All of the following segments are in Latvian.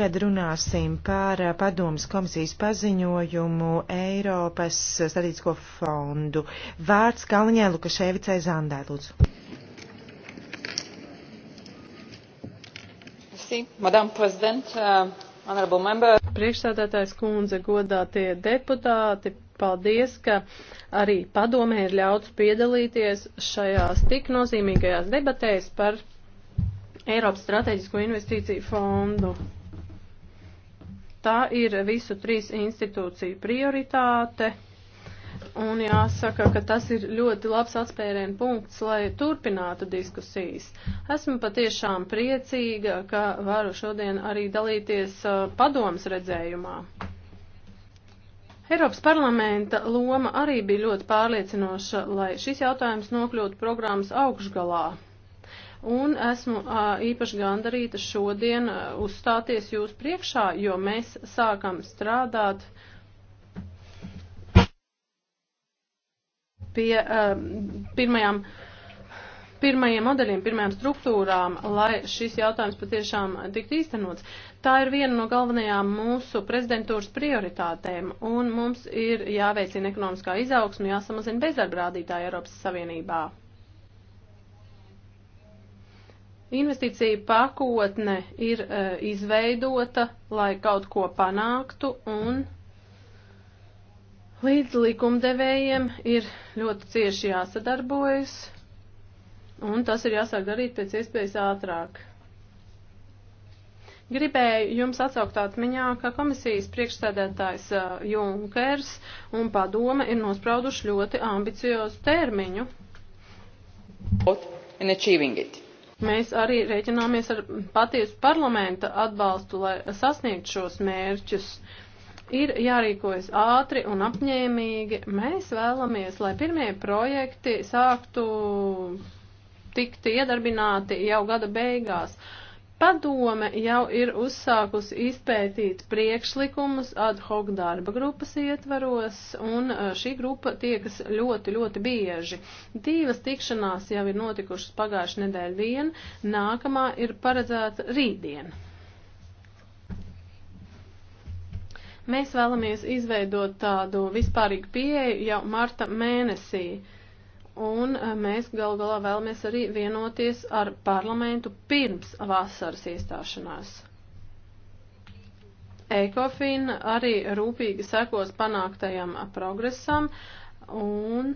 kad runāsim par eh, padomas komisijas paziņojumu Eiropas statistisko fondu. Vārds Kalniņai Lukaševicai Zandē, lūdzu. Eh, Priekšsādātājs kundze, godātie deputāti, paldies, ka arī padomē ir ļauts piedalīties šajās tik nozīmīgajās debatēs par Eiropas strateģisko investīciju fondu. Tā ir visu trīs institūciju prioritāte. Un jāsaka, ka tas ir ļoti labs atspērienu punkts, lai turpinātu diskusijas. Esmu patiešām priecīga, ka varu šodien arī dalīties uh, padoms redzējumā. Eiropas parlamenta loma arī bija ļoti pārliecinoša, lai šis jautājums nokļūtu programmas augšgalā un esmu īpaši gandarīta šodien uzstāties jūs priekšā, jo mēs sākam strādāt pie pirmajām pirmajiem modeļiem, pirmajām struktūrām, lai šis jautājums patiešām tiktu īstenots. Tā ir viena no galvenajām mūsu prezidentūras prioritātēm, un mums ir jāveicina ekonomiskā izaugsme, jāsamazina bezdarbrādītāji Eiropas Savienībā. Investīcija pakotne ir uh, izveidota, lai kaut ko panāktu, un līdz likumdevējiem ir ļoti cieši jāsadarbojas, un tas ir jāsāk darīt pēc iespējas ātrāk. Gribēju jums atsaukt atmiņā, ka komisijas priekšsēdētājs e, Junkers un padome ir nosprauduši ļoti ambiciozu termiņu. And achieving it. Mēs arī rēķināmies ar patiesu parlamenta atbalstu, lai sasniegtu šos mērķus ir jārīkojas ātri un apņēmīgi. Mēs vēlamies, lai pirmie projekti sāktu tikt iedarbināti jau gada beigās. Padome jau ir uzsākusi izpētīt priekšlikumus ad hoc darba grupas ietvaros, un e, šī grupa tiekas ļoti, ļoti bieži. Divas tikšanās jau ir notikušas pagājušajā nedēļa vien, nākamā ir paredzēta rītdien. Mēs vēlamies izveidot tādu vispārīgu pieeju jau marta mēnesī. Uh, un eh, mēs gal galā vēlamies arī vienoties ar parlamentu pirms vasaras iestāšanās. Ekofin arī rūpīgi sekos panāktajam progresam un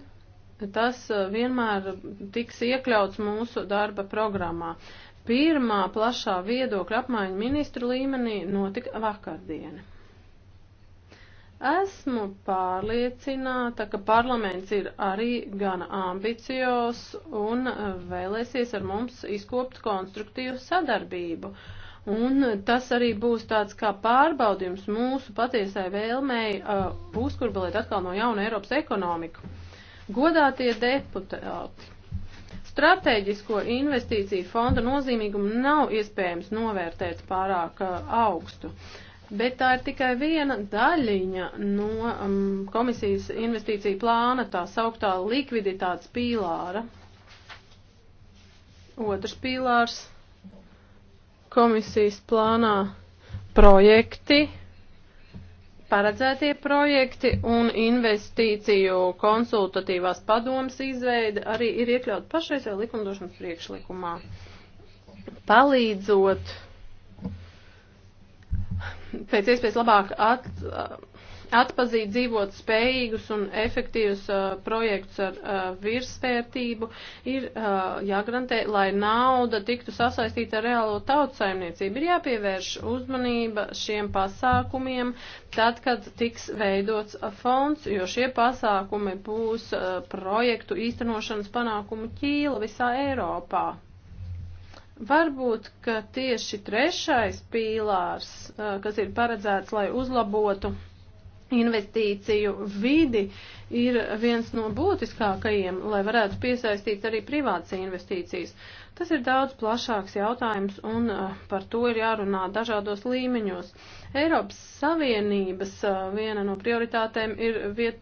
tas eh, vienmēr tiks iekļauts mūsu darba programmā. Pirmā plašā viedokļa apmaiņa ministru līmenī notika vakardiena. Esmu pārliecināta, ka parlaments ir arī gana ambicios un vēlēsies ar mums izkopt konstruktīvu sadarbību. Un tas arī būs tāds kā pārbaudījums mūsu patiesai vēlmei uh, uzkurbelēt atkal no jauna Eiropas ekonomiku. Godātie deputāti! Stratēģisko investīciju fonda nozīmīgumu nav iespējams novērtēt pārāk uh, augstu bet tā ir tikai viena daļiņa no um, komisijas investīcija plāna, tā sauktā likviditātes pīlāra. Otrs pīlārs komisijas plānā projekti, paredzētie projekti un investīciju konsultatīvās padomas izveide arī ir iekļauta pašreizajā likumdošanas priekšlikumā. Palīdzot pēc iespējas labāk at, atpazīt dzīvot spējīgus un efektīvus uh, projektus ar uh, virsvērtību, ir uh, jāgarantē, lai nauda tiktu sasaistīta ar reālo tautsaimniecību. Ir jāpievērš uzmanība šiem pasākumiem tad, kad tiks veidots fonds, jo šie pasākumi būs uh, projektu īstenošanas panākumu ķīla visā Eiropā. Varbūt, ka tieši trešais pīlārs, kas ir paredzēts, lai uzlabotu investīciju vidi, ir viens no būtiskākajiem, lai varētu piesaistīt arī privātas investīcijas. Tas ir daudz plašāks jautājums, un par to ir jārunā dažādos līmeņos. Eiropas Savienības viena no prioritātēm ir viet,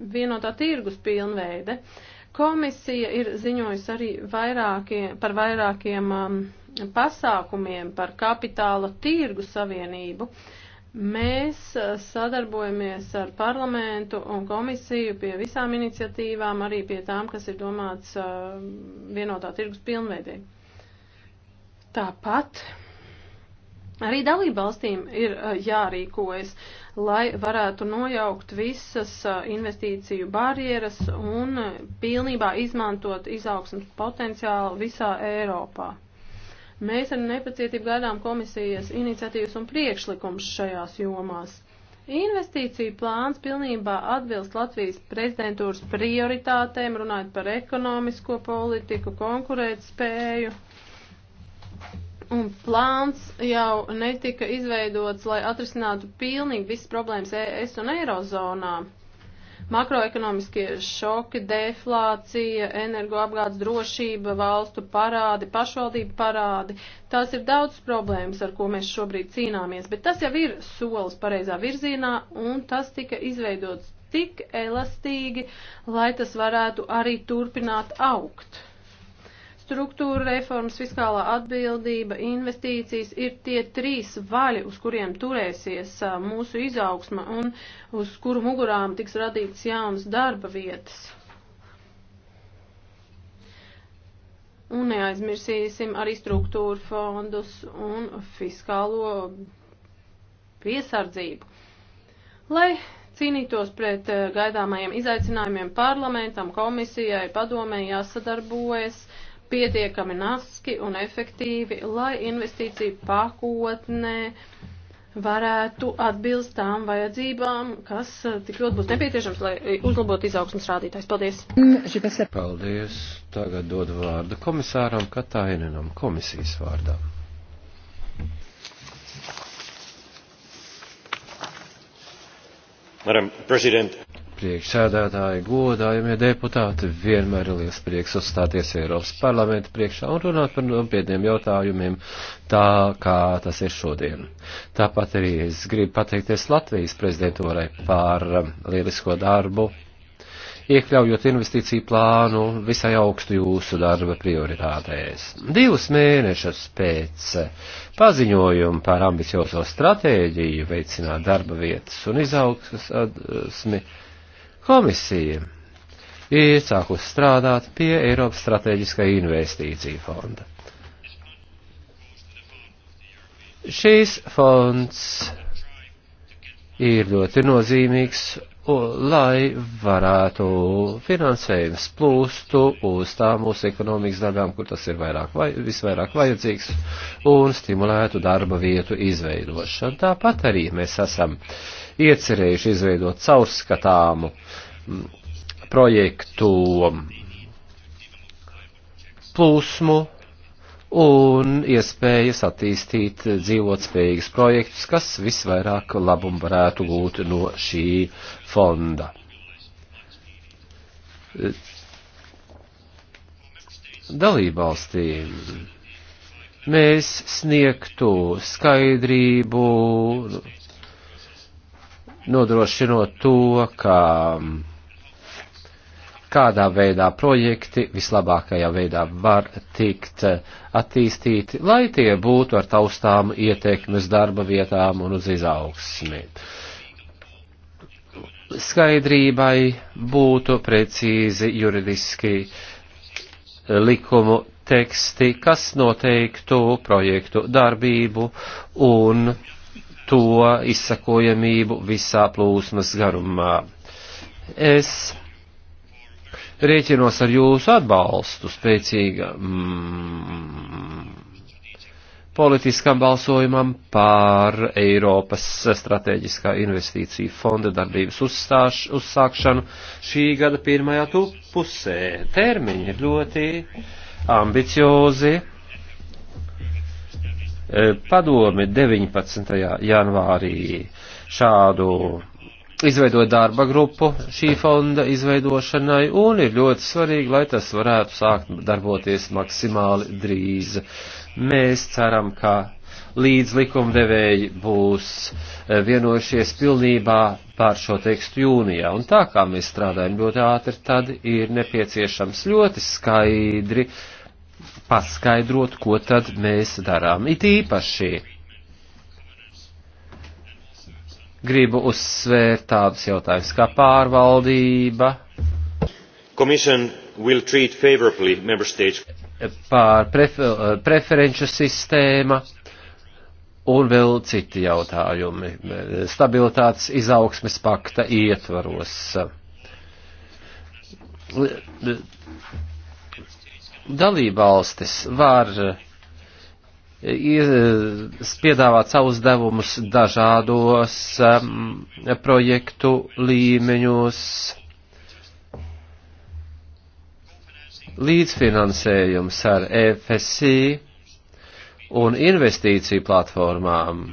vienotā tirgus pilnveide. Uh, Komisija ir ziņojusi arī vairākie, par vairākiem um, pasākumiem, par kapitāla tirgu savienību. Mēs uh, sadarbojamies ar parlamentu un komisiju pie visām iniciatīvām, arī pie tām, kas ir domāts uh, vienotā tirgus pilnveidē. Tāpat arī dalībvalstīm ir uh, jārīkojas. Uh, lai varētu nojaukt visas investīciju barjeras un pilnībā izmantot izaugsmas potenciālu visā Eiropā. Mēs ar nepacietību gaidām komisijas iniciatīvas un priekšlikums šajās jomās. Investīciju plāns pilnībā atbilst Latvijas prezidentūras prioritātēm, runājot par ekonomisko politiku, konkurētspēju Un plāns jau netika izveidots, lai atrisinātu pilnīgi visas problēmas ES un Eirozonā. Makroekonomiskie šoki, deflācija, energoapgādes drošība, valstu parādi, pašvaldību parādi. Tās ir daudz problēmas, ar ko mēs šobrīd cīnāmies, bet tas jau ir solis pareizā virzienā un tas tika izveidots tik elastīgi, lai tas varētu arī turpināt augt. Struktūra reformas, fiskālā atbildība, investīcijas ir tie trīs vaļi, uz kuriem turēsies mūsu izaugsma un uz kuru mugurām tiks radīts jaunas darba vietas. Un neaizmirsīsim arī struktūra fondus un fiskālo piesardzību. Lai cīnītos pret gaidāmajiem izaicinājumiem parlamentam, komisijai, padomē jāsadarbojas pietiekami naski un efektīvi, lai investīcija pakotnē varētu atbilst tām vajadzībām, kas eh, tik ļoti būs nepieciešams, lai eh, uzlabotu izaugsmas rādītājs. Paldies! Paldies! Tagad dod vārdu komisāram Katainenam komisijas vārdā. Madam President priekšsēdētāji, godājumie deputāti, vienmēr ir liels prieks uzstāties Eiropas parlamenta priekšā un runāt par nopietniem jautājumiem tā, kā tas ir šodien. Tāpat arī es gribu pateikties Latvijas prezidentūrai par um, lielisko darbu, iekļaujot investīciju plānu visai augstu jūsu darba prioritātēs. Divus mēnešus pēc paziņojuma par ambiciozo stratēģiju veicināt darba vietas un izaugsmi Komisija ir sākus strādāt pie Eiropas strateģiskā investīcija fonda. Šīs fonds ir ļoti nozīmīgs, lai varētu finansējums plūstu uz tām mūsu ekonomikas daļām, kur tas ir vairāk, vai, visvairāk vajadzīgs, un stimulētu darba vietu izveidošanu. Tāpat arī mēs esam uh, iecerējuši izveidot caurskatāmu mm, projektu plūsmu un iespējas attīstīt dzīvotspējīgas projektus, kas visvairāk labumu varētu gūt no šī fonda. Dalībvalstīm mēs sniegtu skaidrību nodrošinot to, ka mm, kādā veidā projekti vislabākajā veidā var tikt eh, attīstīti, lai tie būtu ar taustāmu ietekmes darba vietām un uz izaugsmi. Skaidrībai būtu precīzi juridiski eh, likumu teksti, kas noteiktu projektu darbību un to izsakojamību visā plūsmas garumā. Es rēķinos ar jūsu atbalstu spēcīgam mm, politiskam balsojumam pār Eiropas strateģiskā investīcija fonda darbības uzstāš, uzsākšanu šī gada pirmajā pusē. Termiņi ir ļoti ambiciozi Eh, Padome 19. janvārī šādu izveidot darba grupu šī fonda izveidošanai, un ir ļoti svarīgi, lai tas varētu sākt darboties maksimāli drīz. Mēs ceram, ka līdz likumdevēji būs eh, vienojušies pilnībā pār šo tekstu jūnijā, un tā kā mēs strādājam ļoti ātri, tad ir nepieciešams ļoti skaidri paskaidrot, ko tad mēs darām. It īpaši gribu uzsvērt tādus jautājumus kā pārvaldība. Pār prefer, preferenču sistēma un vēl citi jautājumi. Stabilitātes izaugsmes pakta ietvaros dalībvalstis var eh, eh, piedāvāt savus devumus dažādos um, projektu līmeņos, līdzfinansējums ar FSI un investīciju platformām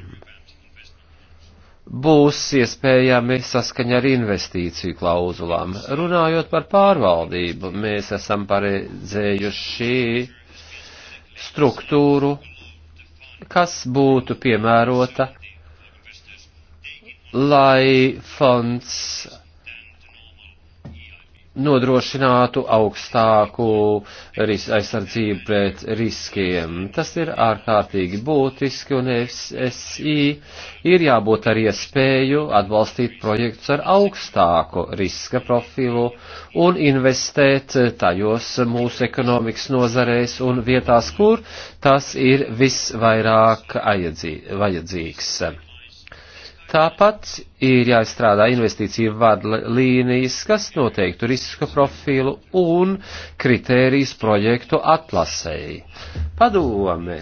būs iespējami saskaņa ar investīciju klauzulām. Runājot par pārvaldību, mēs esam paredzējuši struktūru, kas būtu piemērota, lai fonds nodrošinātu augstāku ris, aizsardzību pret riskiem. Tas ir ārkārtīgi būtiski, un FSI ir jābūt ar iespēju atbalstīt projektus ar augstāku riska profilu un investēt tajos mūsu ekonomikas nozarēs un vietās, kur tas ir visvairāk vajadzīgs. Tāpat ir jāizstrādā investīcija vadlīnijas, kas noteiktu riska profilu un kritērijas projektu atlasēji. Padome,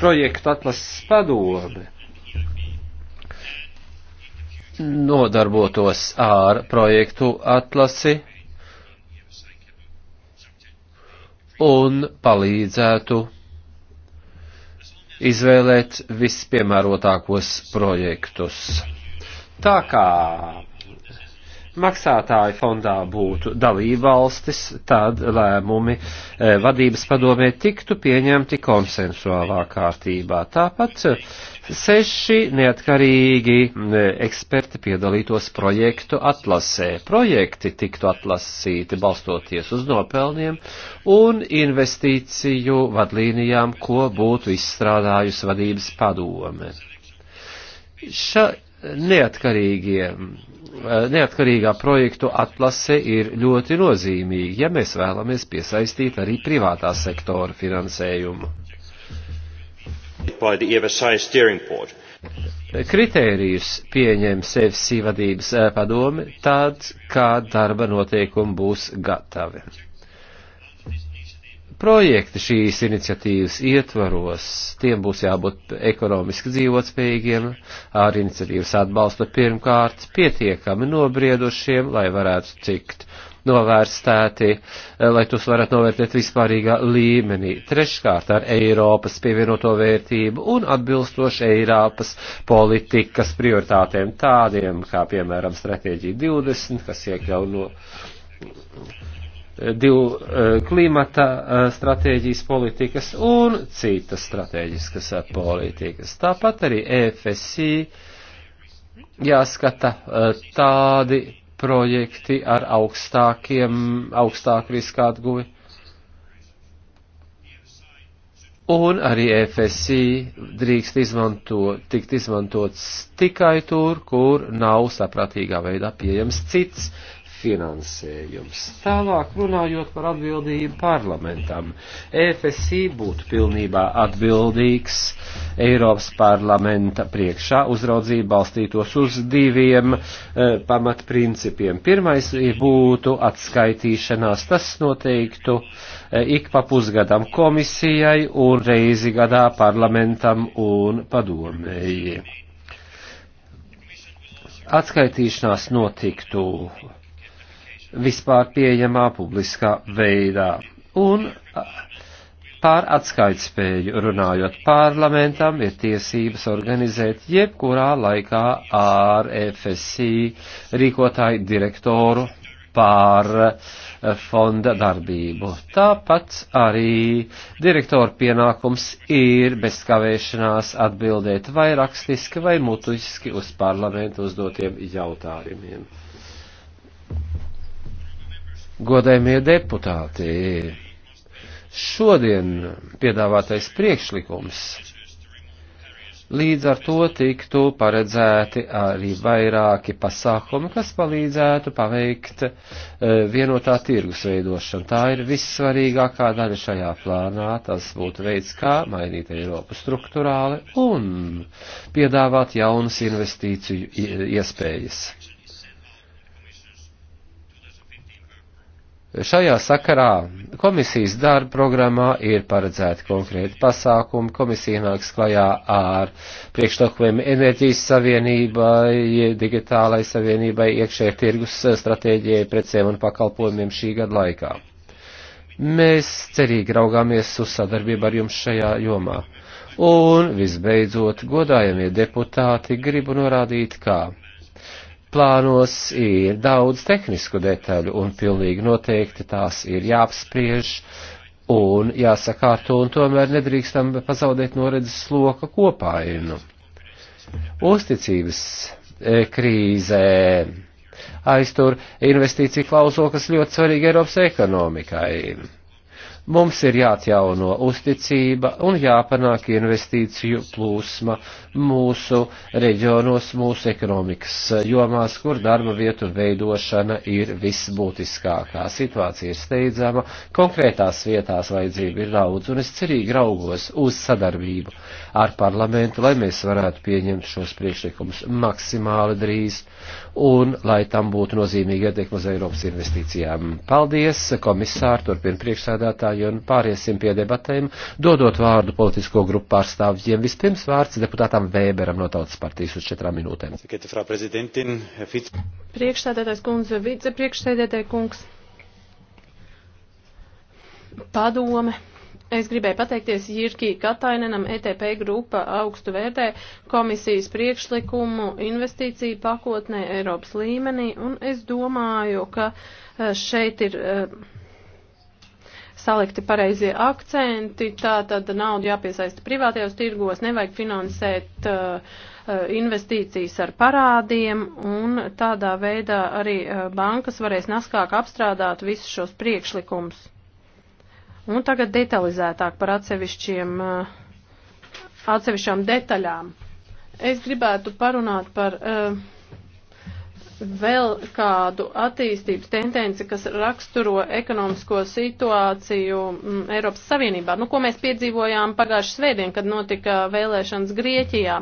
projektu atlases padome nodarbotos ar projektu atlasi un palīdzētu izvēlēt vispiemērotākos projektus. Tā kā maksātāju fondā būtu dalībvalstis, tad lēmumi e, vadības padomē tiktu pieņemti konsensuālā kārtībā. Tāpat seši neatkarīgi eksperti piedalītos projektu atlasē. Projekti tiktu atlasīti balstoties uz nopelniem un investīciju vadlīnijām, ko būtu izstrādājusi vadības padome. Ša neatkarīgiem eh, neatkarīgā projektu atlase ir ļoti nozīmīga, ja mēs vēlamies piesaistīt arī privātā sektora finansējumu. E Kritērijus pieņem sevis sīvadības eh, padome tad, kā darba noteikumi būs gatavi projekti šīs iniciatīvas ietvaros, tiem būs jābūt ekonomiski dzīvotspējīgiem, ar iniciatīvas atbalstu pirmkārt, pietiekami nobriedušiem, lai varētu tikt novērstēti, lai tos varētu novērtēt vispārīgā līmenī. Treškārt ar Eiropas pievienoto vērtību un atbilstoši Eiropas politikas prioritātēm tādiem, kā piemēram stratēģija 20, kas iekļauj no divu eh, klimata eh, stratēģijas politikas un citas stratēģiskas eh, politikas. Tāpat arī EFSI jāskata tādi projekti ar augstākiem, augstāku risku atguvi. Un arī e FSI drīkst izmanto, tikt izmantots tikai tur, kur nav saprātīgā veidā pieejams cits finansējums. Tālāk runājot par atbildību parlamentam. EFSI būtu pilnībā atbildīgs Eiropas parlamenta priekšā. Uzraudzība balstītos uz diviem e, pamatprincipiem. Pirmais būtu atskaitīšanās. Tas noteiktu e, ik pa pusgadam komisijai un reizi gadā parlamentam un padomēji atskaitīšanās notiktu vispār pieejamā publiskā veidā. Un pār atskaitspēju runājot parlamentam ir tiesības organizēt jebkurā laikā ar FSI rīkotāju direktoru pār fonda darbību. Tāpat arī direktora pienākums ir bez kavēšanās atbildēt vai rakstiski vai mutiski uz parlamentu uzdotiem jautājumiem. Godējumie deputāti, šodien piedāvātais priekšlikums līdz ar to tiktu paredzēti arī vairāki pasākumi, kas palīdzētu paveikt e, vienotā tirgus veidošanu. Tā ir vissvarīgākā daļa šajā plānā, tas būtu veids, kā mainīt Eiropu struktūrāli un piedāvāt jaunas investīciju iespējas Šajā sakarā komisijas darba programmā ir paredzēti konkrēti pasākumi. Komisija nāks klajā ar priekšlikumiem enerģijas savienībai, digitālai savienībai, iekšēja tirgus stratēģijai, precēm un pakalpojumiem šī gada laikā. Mēs cerīgi raugāmies uz sadarbību ar jums šajā jomā. Un, visbeidzot, godājamie deputāti, gribu norādīt, kā plānos ir daudz tehnisku detaļu un pilnīgi noteikti tās ir jāapspriež un jāsakārto un tomēr nedrīkstam pazaudēt noredzes sloka kopainu. Uzticības e, krīzē aiztur investīciju klauzulu, kas ļoti svarīga Eiropas ekonomikai Mums ir jāatjauno uzticība un jāpanāk investīciju plūsma mūsu reģionos, mūsu ekonomikas jomās, kur darba vietu veidošana ir visbūtiskākā. Situācija ir steidzama, konkrētās vietās vajadzība ir daudz, un es cerīgi raugos uz sadarbību ar parlamentu, lai mēs varētu pieņemt šos priekšlikumus maksimāli drīz un lai tam būtu nozīmīga ietekme uz Eiropas investīcijām. Paldies, komisāri, turpina priekšsēdētāji un pāriesim pie debatēm, dodot vārdu politisko grupu pārstāvjiem. Vispirms vārds deputātam Vēberam no Tautas partijas uz četrām minūtēm. Priekšsēdētājs kundze, vicepriekšsēdētāja kungs padome Es gribēju pateikties Jirki Katainenam, ETP grupa augstu vērtē komisijas priekšlikumu investīciju pakotnē Eiropas līmenī, un es domāju, ka eh, šeit ir eh, salikti pareizie akcenti, tā tad naudu jāpiesaista privātajos tirgos, nevajag finansēt uh, investīcijas ar parādiem, un tādā veidā arī bankas varēs naskāk apstrādāt visus šos priekšlikumus. Un tagad detalizētāk par atsevišķiem, eh, atsevišķām detaļām. Es gribētu parunāt par uh, vēl kādu attīstības tendenci, kas raksturo ekonomisko situāciju mm, Eiropas Savienībā. Nu, ko mēs piedzīvojām pagājušas svētdien, kad notika vēlēšanas Grieķijā.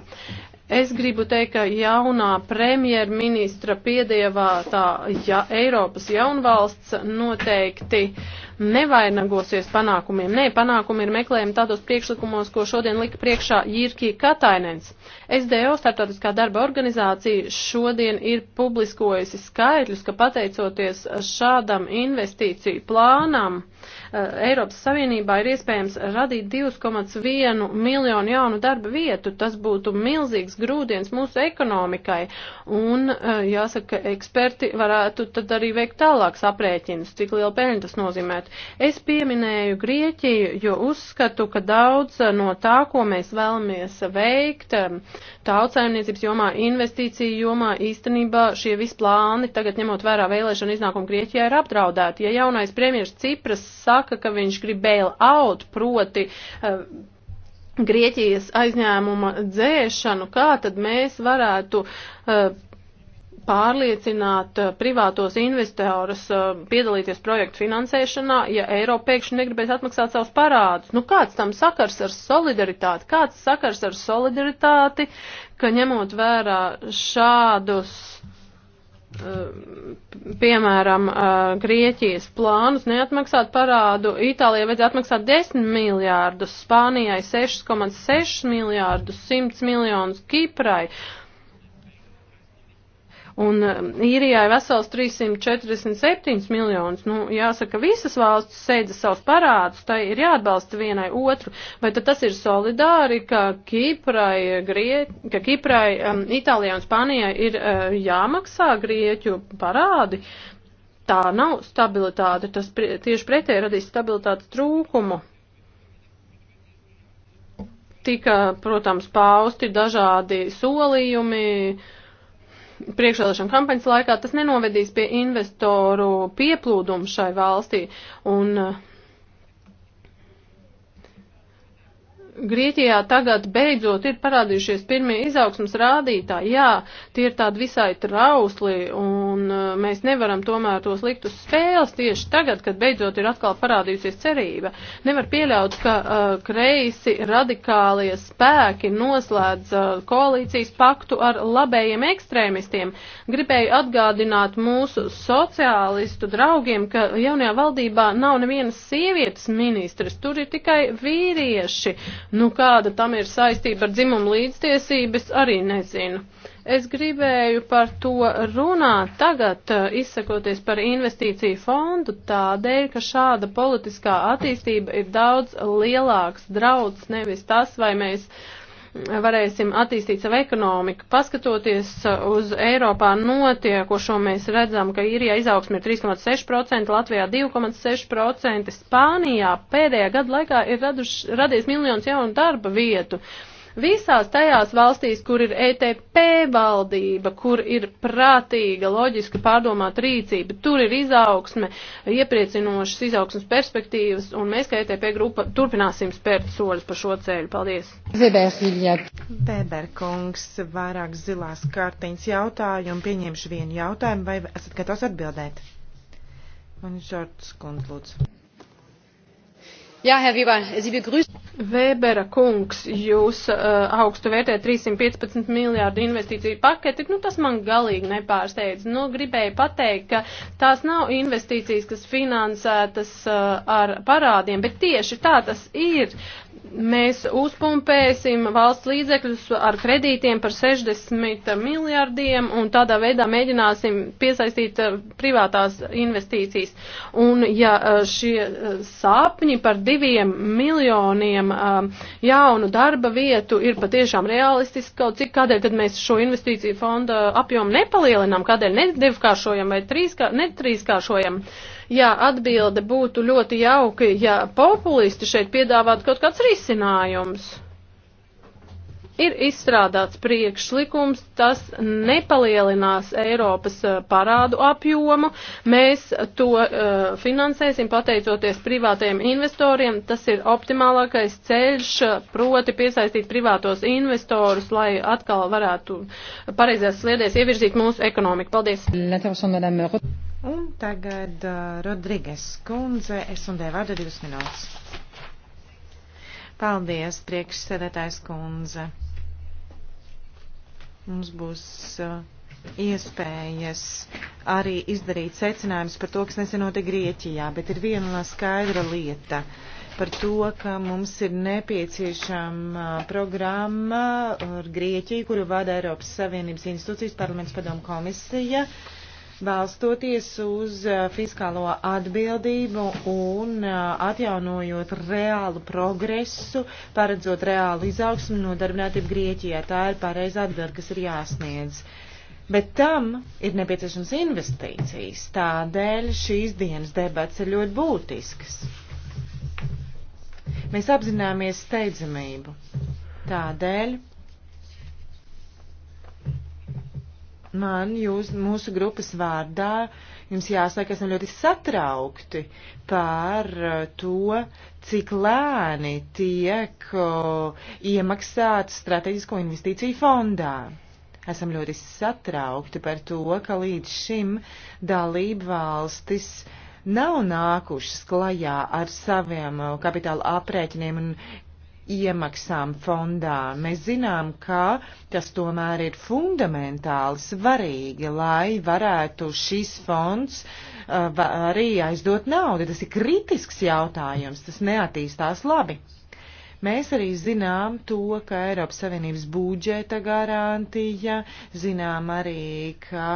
Es gribu teikt, ka jaunā premjerministra piedievā tā ja, Eiropas jaunvalsts noteikti uh, nevainagosies panākumiem. Nē, panākumi ir meklējami tādos priekšlikumos, ko šodien lika priekšā Jirki Katainens. SDO, starptautiskā darba organizācija, šodien ir publiskojusi skaitļus, ka pateicoties šādam investīciju plānam, uh, Eh, Eiropas Savienībā ir iespējams radīt 2,1 miljonu jaunu darba vietu. Tas būtu milzīgs grūdienis mūsu ekonomikai. Un eh, jāsaka, ka eksperti varētu tad arī veikt tālāks aprēķins, cik liela peļņa tas nozīmētu. Es pieminēju Grieķiju, jo uzskatu, ka daudz eh, no tā, ko mēs vēlamies veikt, tautsājumniecības jomā, investīciju jomā, īstenībā šie visi plāni, tagad ņemot vērā vēlēšanu iznākumu Grieķijā, ir apdraudēti. Ja jaunais premjeras Cipras saka, saka, ka viņš grib bail out, proti. Uh, Grieķijas aizņēmuma dzēšanu, kā tad mēs varētu uh, pārliecināt eh, privātos investorus piedalīties projektu finansēšanā, ja Eiropa pēkšņi negribēs atmaksāt savus parādus. Nu, kāds tam sakars ar solidaritāti? Kāds sakars ar solidaritāti, ka ņemot vērā šādus piemēram, Grieķijas plānus neatmaksāt parādu, Itālijai vajadzētu atmaksāt 10 miljārdus, Spānijai 6,6 miljārdus, 100 miljonus, Kiprai Un um, īrijai vesels 347 miljonus. Nu, jāsaka, visas valsts sēdza savus parādus, tai ir jāatbalsta vienai otru. Vai tad tas ir solidāri, ka Kiprai, Grie... ka Kiprai um, Itālijai un Spānijai ir uh, jāmaksā Grieķu parādi? Tā nav stabilitāte, tas pr tieši pretēji radīs stabilitātes trūkumu tika, protams, pausti dažādi solījumi, priekšvēlēšana kampaņas laikā, tas nenovedīs pie investoru pieplūdumu šai valstī. Un, uh, Grieķijā tagad beidzot ir parādījušies pirmie izaugsmas rādītāji. Jā, tie ir tādi visai trausli, un uh, mēs nevaram tomēr tos likt uz spēles tieši tagad, kad beidzot ir atkal parādījusies cerība. Nevar pieļaut, ka uh, kreisi radikālie spēki noslēdz uh, koalīcijas paktu ar labējiem ekstrēmistiem. Gribēju atgādināt mūsu sociālistu draugiem, ka jaunajā valdībā nav nevienas sievietes ministres, tur ir tikai vīrieši Nu, kāda tam ir saistība ar dzimumu līdztiesības, arī nezinu. Es gribēju par to runāt tagad, eh, izsakoties par investīciju fondu, tādēļ, ka šāda politiskā attīstība ir daudz lielāks drauds, nevis tas, vai mēs uh, varēsim attīstīt savu ekonomiku. Paskatoties uz Eiropā notiekošo, mēs redzam, ka Irijā izaugsme ir 3,6%, Latvijā 2,6%, Spānijā pēdējā gada laikā ir raduš, radies miljons jaunu darba vietu. Uh, Visās tajās valstīs, kur ir ETP valdība, kur ir prātīga, loģiski pārdomāta rīcība, tur ir izaugsme, iepriecinošas izaugsmes perspektīvas, un mēs, kā ETP grupa, turpināsim spērt soļus pa šo ceļu. Paldies! Weberkungs, vairāk zilās kārtiņas jautājumu, pieņemšu vienu jautājumu, vai esat gatavs atbildēt? Man ir šorts kundz, lūdzu. Jā, ja, Herr Weber, Sie begrüßen. Vēbera kungs, jūs uh, augstu vērtējat 315 miljārdu investīciju paketi, nu tas man galīgi nepārsteidz. Nu, gribēju pateikt, ka tās nav investīcijas, kas finansētas uh, ar parādiem, bet tieši tā tas ir mēs uzpumpēsim valsts līdzekļus ar kredītiem par 60 miljardiem un tādā veidā mēģināsim piesaistīt eh, privātās investīcijas. Un ja eh, šie eh, sāpņi par diviem miljoniem jaunu darba vietu ir patiešām realistiski kaut cik, kādēļ tad mēs šo investīciju fonda apjomu nepalielinām, kādēļ nedivkāršojam vai trīskāršojam? Trīskā, Jā, atbilde būtu ļoti jauki, ja populisti šeit piedāvātu kaut kāds risinājums ir izstrādāts priekšlikums, tas nepalielinās Eiropas eh, parādu apjomu. Mēs to uh, finansēsim pateicoties privātajiem investoriem. Tas ir optimālākais ceļš, proti piesaistīt privātos investorus, lai atkal varētu pareizajās sliedēs ievirzīt mūsu ekonomiku. Paldies! Un tagad uh, Rodriges kundze, es un dēvā divas minūtes. Paldies, priekšsēdētājs kundze. Mums būs uh, iespējas arī izdarīt secinājumus par to, kas nesenoti Grieķijā, bet ir viena skaidra lieta par to, ka mums ir nepieciešama uh, programma ar Grieķiju, kuru vada Eiropas Savienības institūcijas, parlaments padomu komisija. Uh, balstoties uz eh, fiskālo atbildību un eh, atjaunojot reālu progresu, paredzot reālu izaugsmu un nodarbinātību Grieķijā. Tā ir pareiza atbilde, kas ir jāsniedz. Bet tam ir nepieciešams investīcijas, tādēļ šīs dienas debats ir ļoti būtisks. Mēs apzināmies steidzamību. Tādēļ man jūs, mūsu grupas vārdā, jums jāsaka, esam ļoti satraukti par eh, to, cik lēni tiek iemaksāts strateģisko investīciju fondā. Esam ļoti satraukti par to, ka līdz šim dalību valstis nav nākušas klajā ar saviem kapitāla aprēķiniem un iemaksām fondā. Mēs zinām, ka tas tomēr ir fundamentāli svarīgi, lai varētu šis fonds uh, arī aizdot naudu. Tas ir kritisks jautājums, tas neattīstās labi. Mēs arī zinām to, ka Eiropas Savienības budžeta garantija, zinām arī, ka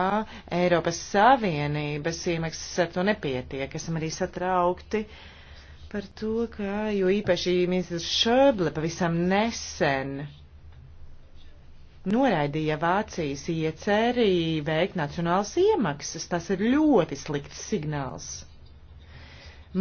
Eiropas Savienības iemaksas ar to nepietiek. Esam arī satraukti uh, par to, ka, jo īpaši ministrs Šoble pavisam nesen noraidīja Vācijas ieceri veikt nacionālas iemaksas. Tas ir ļoti slikts signāls.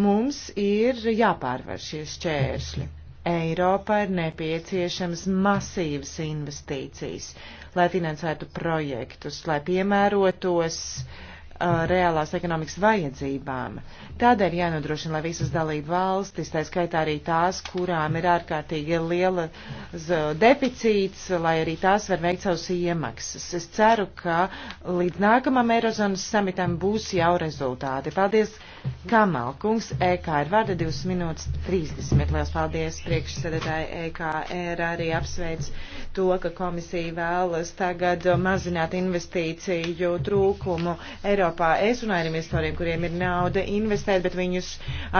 Mums ir jāpārvar šie šķēršļi. Eiropā ir nepieciešams masīvas investīcijas, lai finansētu projektus, lai piemērotos uh, Uh, reālās ekonomikas vajadzībām. Tādēļ jānodrošina, lai visas dalība valstis, tā skaitā arī tās, kurām ir ārkārtīgi liela uh, deficīts, lai arī tās var veikt savus iemaksas. Es ceru, ka līdz nākamam Eirozonas samitam būs jau rezultāti. Paldies! Kamalkungs, EKR vada 2 minūtes 30. Lielas paldies priekšsēdētāji EKR e arī apsveic to, ka komisija vēlas tagad mazināt investīciju trūkumu Eiropā. Es runāju ar investoriem, kuriem ir nauda investēt, bet viņus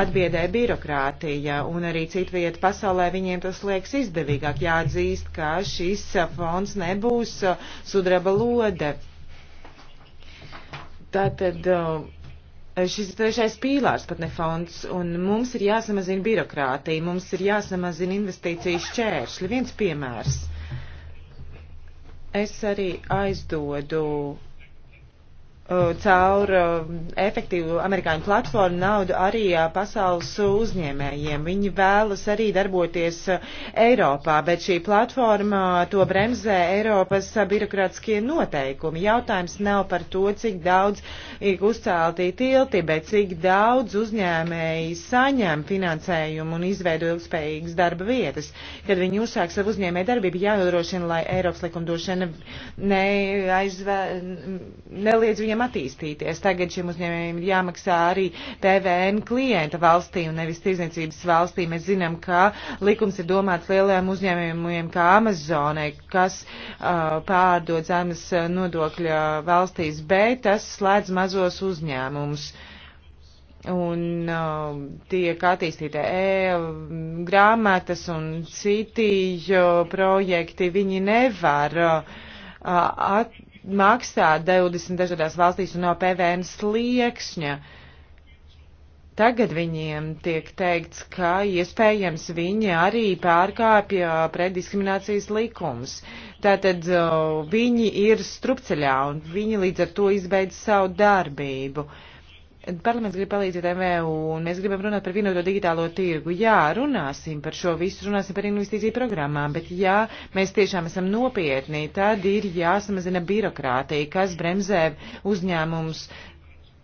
atbiedē birokrātija un arī citu vietu pasaulē viņiem tas liekas izdevīgāk. Jāatzīst, ka šis fonds nebūs sudraba lode. Tātad. Uh, Eh, šis trešais pīlārs pat ne fonds, un mums ir jāsamazina birokrātija, mums ir jāsamazina investīciju šķēršļi. Viens piemērs. Es arī aizdodu Uh, caur uh, efektīvu amerikāņu platformu naudu arī uh, pasaules uzņēmējiem. Viņi vēlas arī darboties Eiropā, bet šī platforma to bremzē Eiropas birokrātiskie noteikumi. Jautājums nav par to, cik daudz ir uzceltī tilti, bet cik daudz uzņēmēji saņem finansējumu un izveido ilgspējīgas darba vietas. Kad viņi uzsāk savu uzņēmē darbību, jānodrošina, lai Eiropas likumdošana neaizvē, neliedz viņu uzņēmējiem attīstīties. Tagad šiem uzņēmējiem ir jāmaksā arī PVN klienta valstī un nevis tirzniecības valstī. Mēs zinām, ka likums ir domāts lielajiem uzņēmējiem kā Amazonai, kas uh, pārdod zemes nodokļa valstīs, bet tas slēdz mazos uzņēmumus. Un uh, tiek attīstīta e-grāmatas un citi uh, projekti, viņi nevar uh, at, maksā 20 dažādās valstīs un nav PVN sliekšņa. Tagad viņiem tiek teikts, ka iespējams viņi arī pārkāpja preddiskriminācijas likums. Tātad uh, viņi ir strupceļā un viņi līdz ar to izbeidz savu darbību. Uh, Parlaments grib palīdzēt MVU, un mēs gribam runāt par vienoto digitālo tirgu. Jā, runāsim par šo visu, runāsim par investīciju programmām, bet ja mēs tiešām esam nopietni, tad ir jāsamazina birokrātija, kas bremzē uzņēmums.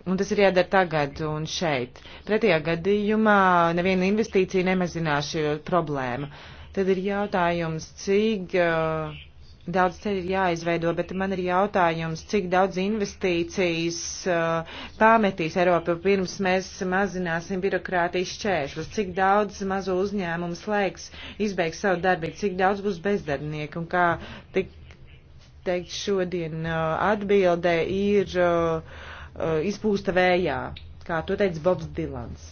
Un tas ir jādara tagad un šeit. Pretējā gadījumā neviena investīcija nemazinās šo problēmu. Tad ir jautājums, cik. Uh, Daudz ceļu ir jāizveido, bet man ir jautājums, cik daudz investīcijas uh, pametīs Eiropa pirms mēs mazināsim birokrātijas šķēršļus, cik daudz mazo uzņēmumu slēgs, izbeigs savu darbību, cik daudz būs bezdarbnieku un kā tik teikt šodien uh, atbildē ir uh, uh izpūsta vējā, kā to teica Bobs Dilans.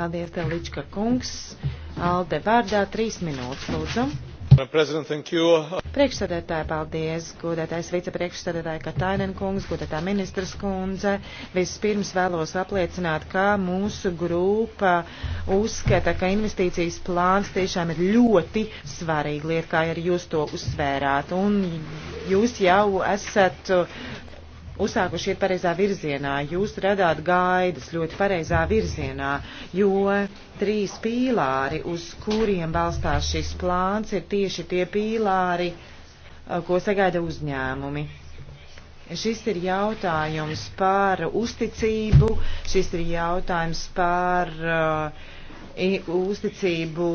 Paldies, Telička kungs. Alde vārdā trīs minūtes, lūdzu. Priekšsēdētāji, paldies, godētais vicepriekšsēdētāji Katainen kungs, godētā ministras kundze. Vispirms vēlos apliecināt, ka mūsu grupa uzskata, ka investīcijas plāns tiešām ir ļoti svarīga lieta, kā arī jūs to uzsvērāt. Un jūs jau esat uzsākuši iet pareizā virzienā. Jūs radāt gaidas ļoti pareizā virzienā, jo trīs pīlāri, uz kuriem balstās šis plāns, ir tieši tie pīlāri, ko sagaida uzņēmumi. Šis ir jautājums par uzticību, šis ir jautājums par uh, uzticību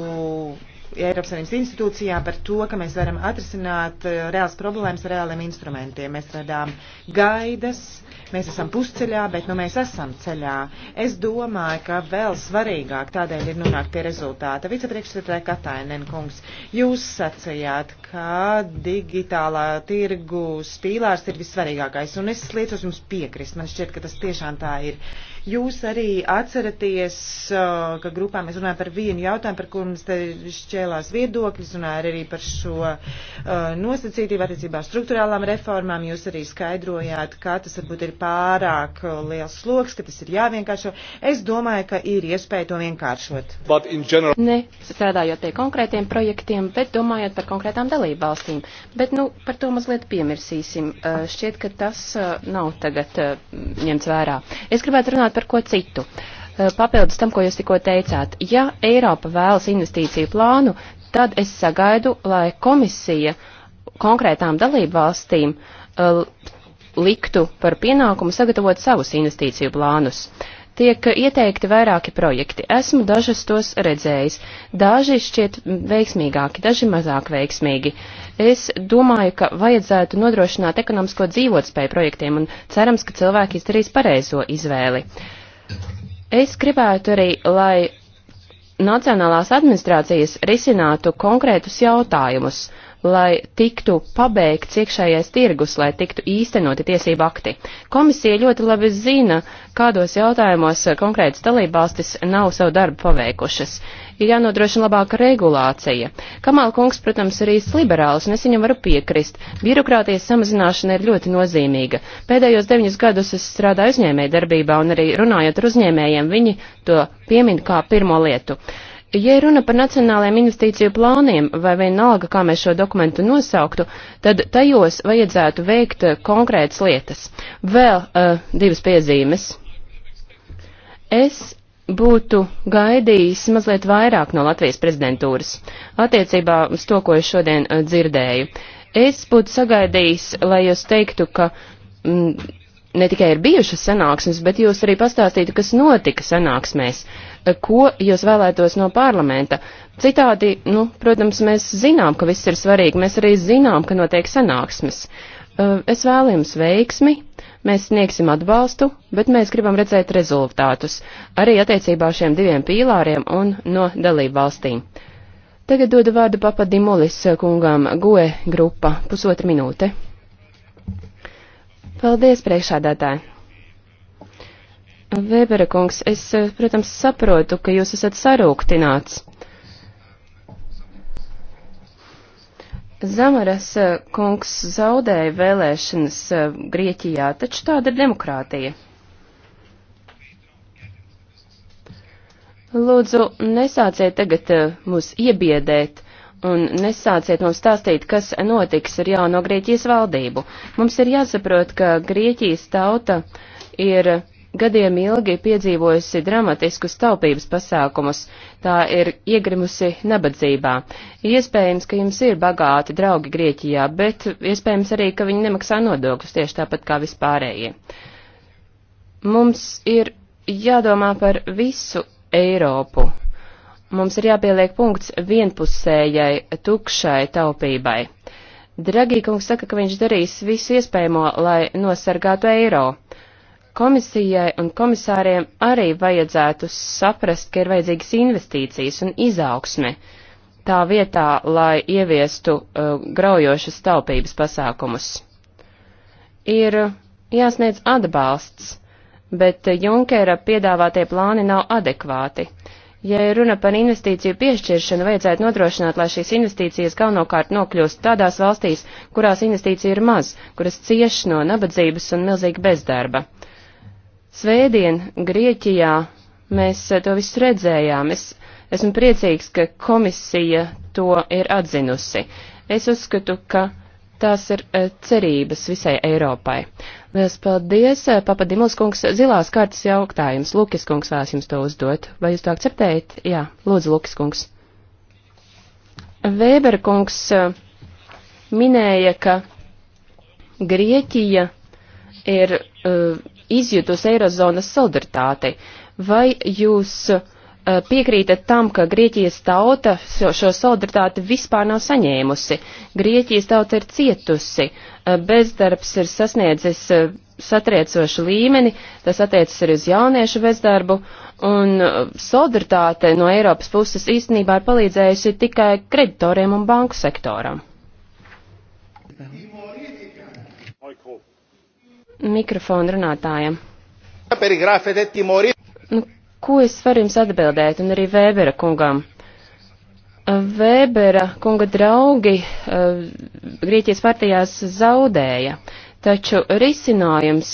Eiropas Savienības institūcijām par to, ka mēs varam atrisināt eh, reāls problēmas ar reāliem instrumentiem. Mēs radām gaidas, mēs esam pusceļā, bet nu mēs esam ceļā. Es domāju, ka vēl svarīgāk tādēļ ir nonākt pie rezultāta. Vicepriekšsēdētāja Katainen kungs, jūs sacījāt, ka digitālā tirgus pīlārs ir vissvarīgākais, un es liecos jums piekrist. Man šķiet, ka tas tiešām tā ir. Jūs arī atceraties, ka grupā mēs runājam par vienu jautājumu, par kur mums te šķēlās viedokļi, runāja arī par šo nosacītību attiecībā struktūrālām reformām. Jūs arī skaidrojāt, ka tas varbūt ir pārāk liels sloks, ka tas ir jāvienkāršo. Es domāju, ka ir iespēja to vienkāršot. General... Ne strādājot pie konkrētiem projektiem, bet domājot par konkrētām dalību valstīm. Bet, nu, par to mazliet piemirsīsim. Šķiet, ka tas nav tagad ņemts vērā. Es gribētu runāt par ko citu. Eh, papildus tam, ko jūs tikko teicāt, ja Eiropa vēlas investīciju plānu, tad es sagaidu, lai komisija konkrētām dalību valstīm eh, liktu par pienākumu sagatavot savus investīciju plānus. Uh, tiek ieteikti vairāki projekti. Esmu dažus tos redzējis. Daži šķiet veiksmīgāki, daži mazāk veiksmīgi. Es domāju, ka vajadzētu nodrošināt ekonomisko dzīvotspēju projektiem un cerams, ka cilvēki izdarīs pareizo izvēli. Es gribētu arī, lai nacionālās administrācijas risinātu konkrētus jautājumus lai tiktu pabeigts iekšējais tirgus, lai tiktu īstenoti tiesību akti. Komisija ļoti labi zina, kādos jautājumos konkrētas dalībvalstis nav savu darbu paveikušas. Ir jānodrošina labāka regulācija. Kamāla kungs, protams, ir īsts liberāls, un es viņam varu piekrist. Birokrātijas samazināšana ir ļoti nozīmīga. Pēdējos deviņus gadus es strādāju uzņēmēju darbībā, un arī runājot ar uzņēmējiem, viņi to piemin kā pirmo lietu. Uh, Ja runa par nacionālajiem investīciju plāniem, vai vienalga, kā mēs šo dokumentu nosauktu, tad tajos vajadzētu veikt eh, konkrētas lietas. Vēl uh, divas piezīmes. Es būtu gaidījis mazliet vairāk no Latvijas prezidentūras attiecībā uz to, ko es šodien uh, dzirdēju. Es būtu sagaidījis, lai jūs teiktu, ka. Mm, Ne tikai ir bijušas sanāksmes, bet jūs arī pastāstītu, kas notika sanāksmēs. Uh, ko jūs vēlētos no parlamenta. Citādi, nu, protams, mēs zinām, ka viss ir svarīgi, mēs arī zinām, ka notiek sanāksmes. Uh, es vēlu jums veiksmi, mēs sniegsim atbalstu, bet mēs gribam redzēt rezultātus arī attiecībā uz šiem diviem pīlāriem un no dalību valstīm. Tagad dodu vārdu papadimulis kungām GOE grupa pusotra minūte. Paldies, priekšādātāji! Vēbera kungs, es, eh, protams, saprotu, ka jūs esat sarūktināts. Zamaras eh, kungs zaudēja vēlēšanas eh, Grieķijā, taču tāda ir demokrātija. Lūdzu, nesāciet tagad mūs iebiedēt un nesāciet mums stāstīt, kas notiks ar jauno Grieķijas valdību. Mums ir jāsaprot, ka Grieķijas tauta ir gadiem ilgi piedzīvojusi dramatiskus taupības pasākumus, tā ir iegrimusi nabadzībā. Iespējams, ka jums ir bagāti draugi Grieķijā, bet iespējams arī, ka viņi nemaksā nodokļus tieši tāpat kā vispārējie. Mums ir jādomā par visu Eiropu. Mums ir jāpieliek punkts vienpusējai, tukšai taupībai. Dragīkungs saka, ka viņš darīs visu iespējamo, lai nosargātu eiro. Komisijai un komisāriem arī vajadzētu saprast, ka ir vajadzīgas investīcijas un izaugsme tā vietā, lai ieviestu uh, graujošas taupības pasākumus. Ir jāsniedz atbalsts, bet Junkera piedāvātie plāni nav adekvāti. Ja ir runa par investīciju piešķiršanu, vajadzētu nodrošināt, lai šīs investīcijas galvenokārt nokļūst tādās valstīs, kurās investīcija ir maz, kuras cieš no nabadzības un milzīga bezdarba. Svētdien Grieķijā mēs eh, to visu redzējām. Es esmu priecīgs, ka komisija to ir atzinusi. Es uzskatu, ka tās ir eh, cerības visai Eiropai. Lielas paldies, eh, papa Dimuls kungs, zilās kārtas jautājums. Lukas kungs vēlas jums to uzdot. Vai jūs to akceptējat? Jā, lūdzu, Lukas kungs. Vēber kungs minēja, ka Grieķija ir uh, izjūtos Eirozonas solidaritāti. Vai jūs uh, piekrītat tam, ka Grieķijas tauta šo solidaritāti vispār nav saņēmusi? Grieķijas tauta ir cietusi, uh, bezdarbs ir sasniedzis uh, satriecošu līmeni, tas attiecas arī uz jauniešu bezdarbu, un solidaritāte no Eiropas puses īstenībā ir palīdzējusi tikai kreditoriem un banku sektoram. Thank you mikrofonu runātājam. Nu, ko es varu jums atbildēt, un arī Vēbera kungam? Vēbera kunga draugi uh, Grieķijas partijās zaudēja, taču risinājums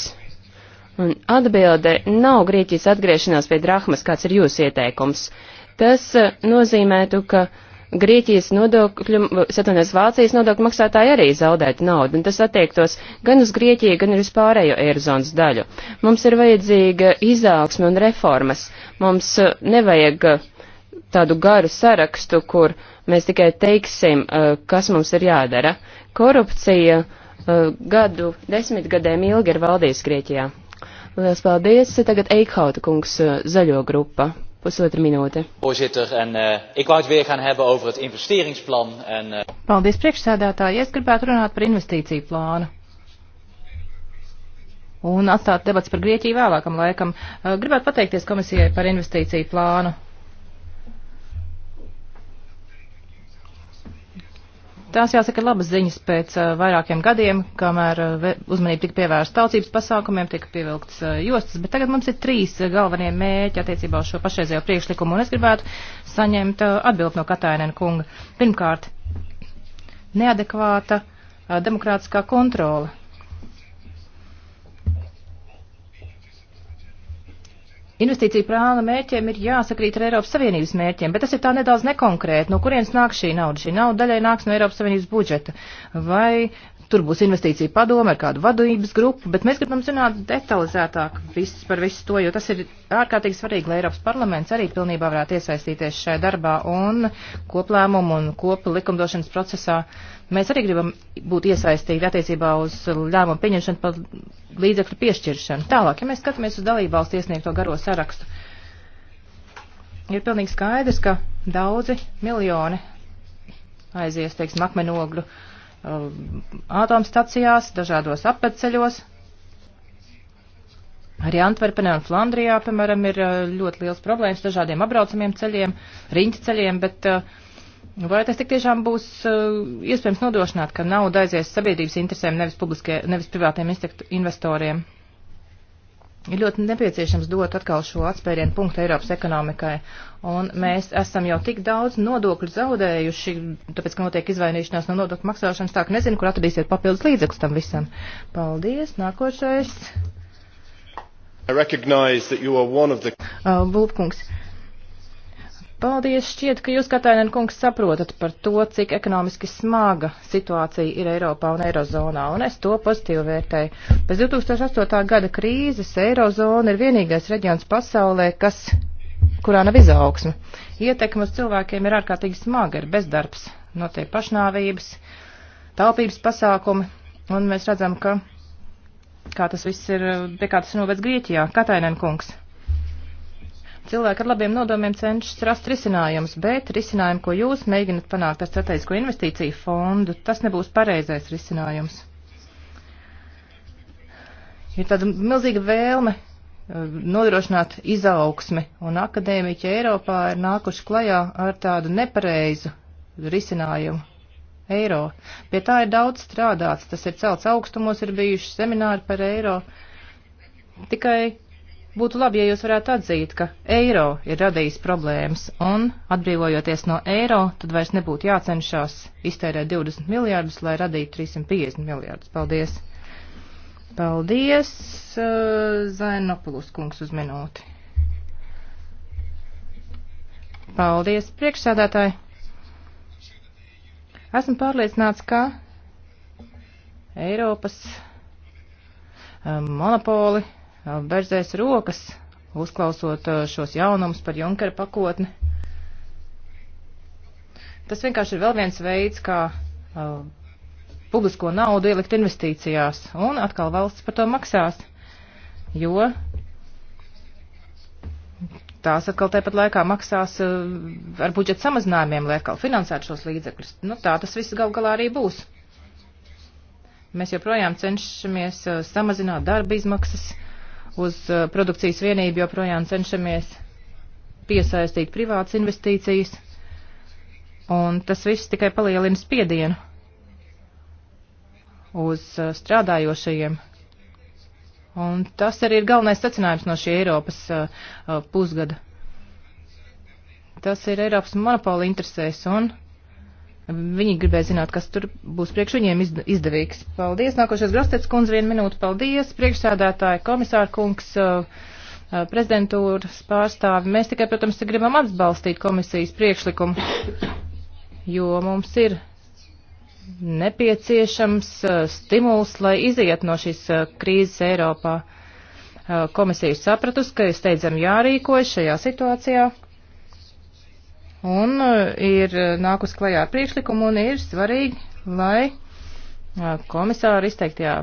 un atbilde nav Grieķijas atgriešanās pie drahmas, kāds ir jūsu ieteikums. Tas uh, nozīmētu, ka uh, Grieķijas nodokļu, satunies Vācijas nodokļu maksātāji arī zaudētu naudu, un tas attiektos gan uz Grieķiju, gan arī uz pārējo eirozonas daļu. Mums ir vajadzīga izaugsme un reformas. Mums uh, nevajag uh, tādu garu sarakstu, kur mēs tikai teiksim, uh, kas mums ir jādara. Korupcija gadu desmitgadēm ilgi ir valdījis Grieķijā. Lielas paldies! Tagad Eikhauta kungs zaļo grupa. Pusotra minūte. Voorzitter, en uh, ik wou het weer gaan hebben over het investeringsplan. En, uh... Paldies, priekšsēdētāji. Es gribētu runāt par investīciju plānu. Un atstāt debats par Grieķiju vēlākam laikam. Uh, gribētu pateikties komisijai par investīciju plānu. Tās jāsaka labas ziņas pēc uh, vairākiem gadiem, kamēr uh, uzmanība tika pievērsta tautsības pasākumiem, tika pievilkts uh, jostas, bet tagad mums ir trīs galvenie mēķi attiecībā uz šo pašreizējo priekšlikumu, un es gribētu saņemt atbildi no Katainēna kunga. Pirmkārt, neadekvāta demokrātiskā kontrola Investīcija plāna mērķiem ir jāsakrīt ar Eiropas Savienības mērķiem, bet tas ir tā nedaudz nekonkrēti. No kurienes nāk šī nauda? Šī nauda daļai nāks no Eiropas Savienības budžeta. Vai Tur būs investīcija padoma ar kādu vadības grupu, bet mēs gribam zināt detalizētāk visus par visu to, jo tas ir ārkārtīgi svarīgi, lai Eiropas parlaments arī pilnībā varētu iesaistīties šajā darbā un koplēmumu un kopu likumdošanas procesā. Mēs arī gribam būt iesaistīti attiecībā uz lēmumu pieņemšanu par līdzekļu piešķiršanu. Tālāk, ja mēs skatāmies uz dalību valsts iesniegto garo sarakstu, ir pilnīgi skaidrs, ka daudzi miljoni aizies, teiksim, akmenogļu uh, Um, ātomstacijās, dažādos apceļos. Arī Antverpenē un Flandrijā, piemēram, ir uh, ļoti liels problēmas dažādiem apbraucamiem ceļiem, riņķceļiem, bet uh, vai tas tik tiešām būs uh, iespējams nodrošināt, ka nauda aizies sabiedrības interesēm, nevis, publiskie, nevis privātiem investoriem? Ir ļoti nepieciešams dot atkal šo atspērienu punktu Eiropas ekonomikai. Un mēs esam jau tik daudz nodokļu zaudējuši, tāpēc, ka notiek izvainīšanās no nodokļu maksāšanas, tā ka nezinu, kur atradīsiet papildus līdzekļus tam visam. Paldies, nākošais. The... Uh, Bulpkungs. Uh, Paldies, šķiet, ka jūs, Katainen kungs, saprotat par to, cik ekonomiski smaga situācija ir Eiropā un Eirozonā, un es to pozitīvi vērtēju. Pēc 2008. gada krīzes Eirozona ir vienīgais reģions pasaulē, kas, kurā nav izaugsme. Ietekme uz cilvēkiem ir ārkārtīgi smaga, ir bezdarbs, notiek pašnāvības, taupības pasākumi, un mēs redzam, ka kā tas viss ir, pie kā tas novēc Grieķijā, Katainen kungs. Cilvēki ar labiem nodomiem cenšas rast risinājumus, bet risinājumu, ko jūs mēģinat panākt ar strateģisko investīciju fondu, tas nebūs pareizais risinājums. Ir tāda milzīga vēlme eh, nodrošināt izaugsmi, un akadēmiķi Eiropā ir nākuši klajā ar tādu nepareizu risinājumu eiro. Pie tā ir daudz strādāts, tas ir celts augstumos, ir bijuši semināri par eiro. Tikai Būtu labi, ja jūs varētu atzīt, ka eiro ir radījis problēmas, un atbrīvojoties no eiro, tad vairs nebūtu jācenšas iztērēt 20 miljārdus, lai radītu 350 miljārdus. Paldies! Paldies, eh, Zainopulus kungs, uz minūti. Paldies, priekšsādātāji! Esmu pārliecināts, ka Eiropas eh, monopoli berzēs rokas, uzklausot šos jaunumus par Junkera pakotni. Tas vienkārši ir vēl viens veids, kā uh, publisko naudu ielikt investīcijās, un atkal valsts par to maksās, jo tās atkal tāpat laikā maksās uh, ar budžeta samazinājumiem, lai atkal finansētu šos līdzekļus. Nu, tā tas viss gal galā arī būs. Mēs joprojām cenšamies uh, samazināt darba izmaksas, uh, uz uh, produkcijas vienību joprojām cenšamies piesaistīt privātas investīcijas, un tas viss tikai palielina spiedienu uz uh, strādājošajiem. Un tas arī ir galvenais secinājums no šī Eiropas uh, uh pusgada. Tas ir Eiropas monopola interesēs un uh, Viņi gribēja zināt, kas tur būs priekš viņiem izdevīgs. Paldies. Nākošais Grostets kundze, vienu minūtu. Paldies. Priekšsēdētāji, komisāra kungs. Uh, uh, prezidentūras pārstāvi. Mēs tikai, protams, gribam atbalstīt komisijas priekšlikumu, jo mums ir nepieciešams uh, stimuls, lai iziet no šīs uh, krīzes Eiropā. Komisija ir sapratusi, ka steidzam jārīkojas šajā situācijā un eh, ir eh, nākus klajā ar priekšlikumu un ir svarīgi, lai eh, komisāra izteiktajā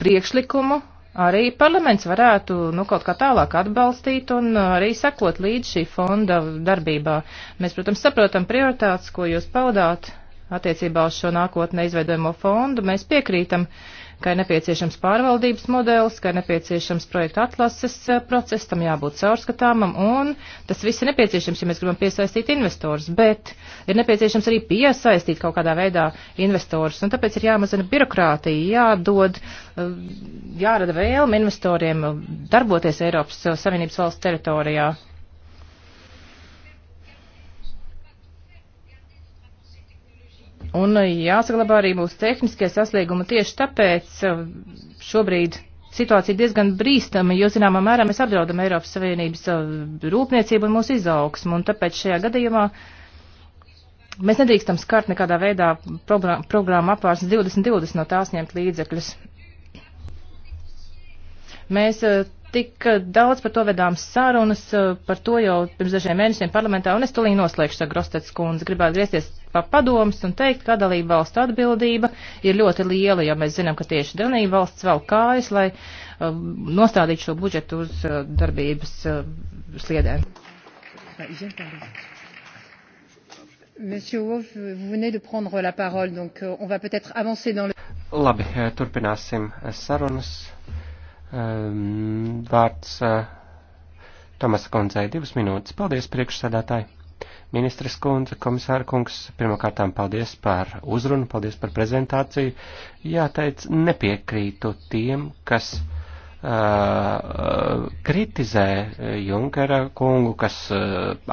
priekšlikumu arī parlaments varētu nu, kaut kā tālāk atbalstīt un arī sekot līdz šī fonda darbībā. Mēs, protams, saprotam prioritātes, ko jūs paudāt attiecībā uz šo nākotnē izveidojamo fondu. Mēs piekrītam uh, ka ir nepieciešams pārvaldības modelis, ka ir nepieciešams projekta atlases eh, process, tam jābūt caurskatāmam, un tas viss ir nepieciešams, ja mēs gribam piesaistīt investors, bet ir nepieciešams arī piesaistīt kaut kādā veidā investors, un tāpēc ir jāmazina birokrātija, jādod, eh, jārada vēlme investoriem eh, darboties Eiropas Savienības valsts teritorijā. Un eh, jāsaglabā arī mūsu tehniskie sasniegumi. Tieši tāpēc eh, šobrīd situācija diezgan brīstama, jo zināmā mērā mēs apdraudam Eiropas Savienības eh, rūpniecību un mūsu izaugsmu. Un tāpēc šajā gadījumā mēs nedrīkstam skart nekādā veidā programmu apvārsnes 2020 no tās ņemt līdzekļus. Mēs tik eh, daudz par to vedām sarunas, eh, par to jau pirms dažiem mēnešiem parlamentā, un es tulī noslēgšu, saka Grostets kundze, gribētu griezties pa padomus un teikt, ka dalība valsts atbildība ir ļoti liela, jo mēs zinām, ka tieši dalība valsts vēl kājas, lai uh, nostādītu šo budžetu uz uh, darbības uh, sliedēm. Monsieur Wolf, vous venez de prendre la parole, donc euh, on va peut-être avancer dans le... Labi, turpināsim sarunas. Um, vārds uh, Tomasa kundzei divas minūtes. Paldies, priekšsēdētāji! Ministres kundze, komisāra kungs, pirmkārtām paldies par uzrunu, paldies par prezentāciju. Jāteic, nepiekrītu tiem, kas uh, kritizē eh, Junkera kungu, kas uh,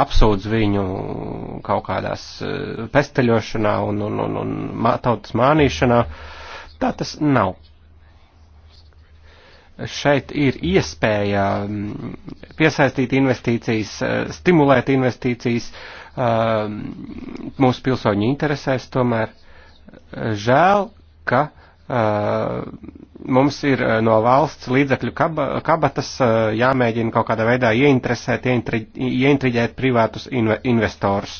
apsūdz viņu kaut kādās uh, pesteļošanā un, un, un, un tautas mānīšanā. Tā tas nav šeit ir iespēja mm, piesaistīt investīcijas, eh, stimulēt investīcijas eh, mūsu pilsoņu interesēs, tomēr eh, žēl, ka mums ir no valsts līdzekļu kabatas jāmēģina kaut kādā veidā ieinteresēt, ieintriģēt privātus investorus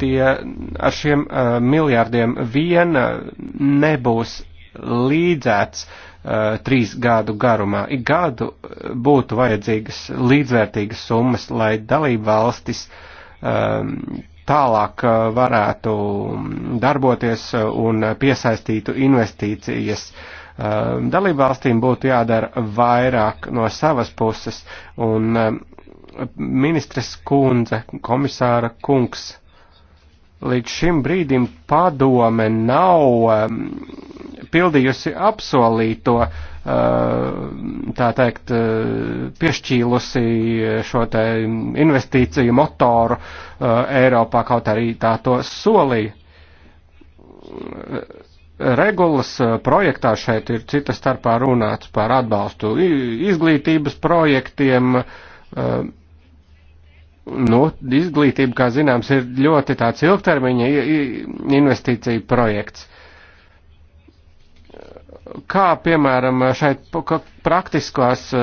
tie ar šiem uh, miljārdiem vien uh, nebūs līdzēts uh, trīs gadu garumā. Ik gadu uh, būtu vajadzīgas līdzvērtīgas summas, lai dalība valstis um, tālāk uh, varētu darboties un piesaistītu investīcijas. Um, dalība valstīm būtu jādara vairāk no savas puses, un um, ministres kundze, komisāra kungs līdz šim brīdim padome nav um, pildījusi apsolīto, uh, tā teikt, uh, piešķīlusi šo te investīciju motoru uh, Eiropā, kaut arī tā to solīja. Regulas uh, projektā šeit ir cita starpā runāts par atbalstu izglītības projektiem, uh, nu, izglītība, kā zināms, ir ļoti tāds ilgtermiņa investīcija projekts. Kā, piemēram, šeit praktiskos e,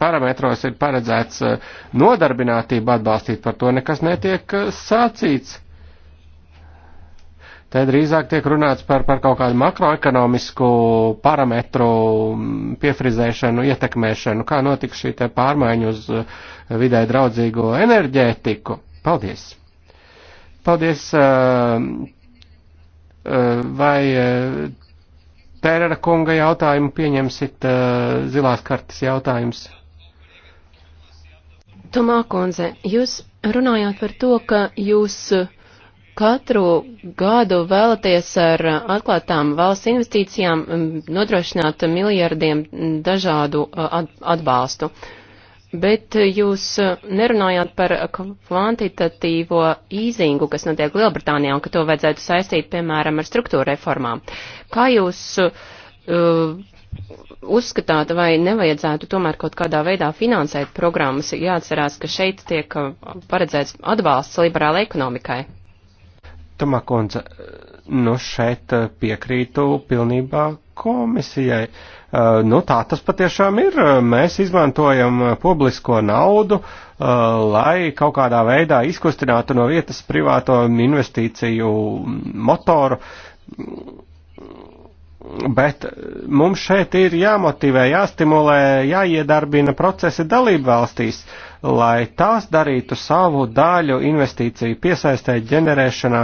parametros ir paredzēts e, nodarbinātību atbalstīt, par to nekas netiek e, sācīts. Te drīzāk tiek runāts par, par kaut kādu makroekonomisku parametru piefrizēšanu, ietekmēšanu, kā notika šī pārmaiņa uz eh, vidē draudzīgo enerģētiku. Paldies! Paldies! Eh, eh, vai Tērera kunga jautājumu pieņemsit zilās kartas jautājums? Tomā Konze, jūs runājāt par to, ka jūs uh, katru gadu vēlaties ar atklātām valsts investīcijām mm, nodrošināt miljardiem dažādu atbalstu. Bet jūs nerunājāt par kvantitatīvo īzingu, kas notiek Lielbritānijā un ka to vajadzētu saistīt, piemēram, ar struktūra reformām. Kā jūs uh, uzskatāt, vai nevajadzētu tomēr kaut kādā veidā finansēt programmas, jāatcerās, ka šeit tiek paredzēts atbalsts liberālai ekonomikai. Tomā kundze, nu šeit eh, piekrītu pilnībā komisijai. Eh, nu tā tas patiešām ir. Mēs izmantojam publisko naudu, eh, lai kaut kādā veidā izkustinātu no vietas privāto investīciju motoru. Bet mums šeit ir jāmotivē, jāstimulē, jāiedarbina procesi dalību valstīs. Uh, lai tās darītu savu daļu investīciju piesaistē ģenerēšanā.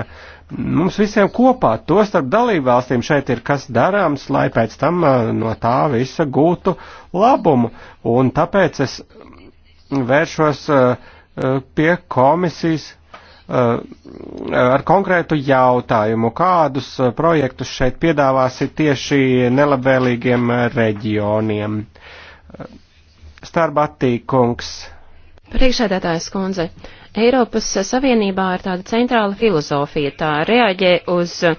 Mums visiem kopā, to starp dalībvalstīm šeit ir kas darāms, lai pēc tam no tā visa gūtu labumu. Un tāpēc es vēršos pie komisijas ar konkrētu jautājumu, kādus projektus šeit piedāvāsi tieši nelabvēlīgiem reģioniem. Starbatīkungs Priekšēdētājs kundze, Eiropas Savienībā ir tāda centrāla filozofija, tā reaģē uz eh,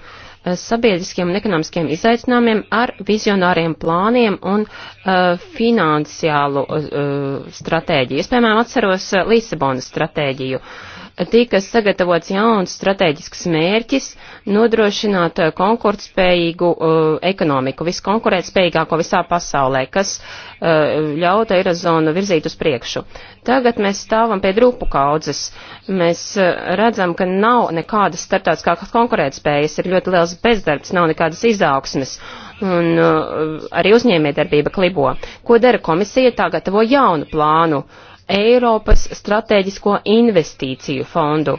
sabiedriskiem un ekonomiskiem izaicinājumiem ar vizionāriem plāniem un uh, eh, finansiālu uh, eh, stratēģiju. Es, piemēram, atceros Lisabonas stratēģiju. Uh, tika sagatavots jauns strateģisks mērķis nodrošināt eh, konkurētspējīgu uh, eh, ekonomiku, viskonkurētspējīgāko visā pasaulē, kas uh, ļauta Eirozonu virzīt uz priekšu. Tagad mēs stāvam pie drūpu kaudzes. Mēs uh, redzam, ka nav nekādas starptautiskākas konkurētspējas, ir ļoti liels bezdarbs, nav nekādas izaugsmes. Un uh, arī uzņēmējdarbība klibo. Ko dara komisija? Tā gatavo jaunu plānu. Uh, Eiropas strateģisko investīciju fondu.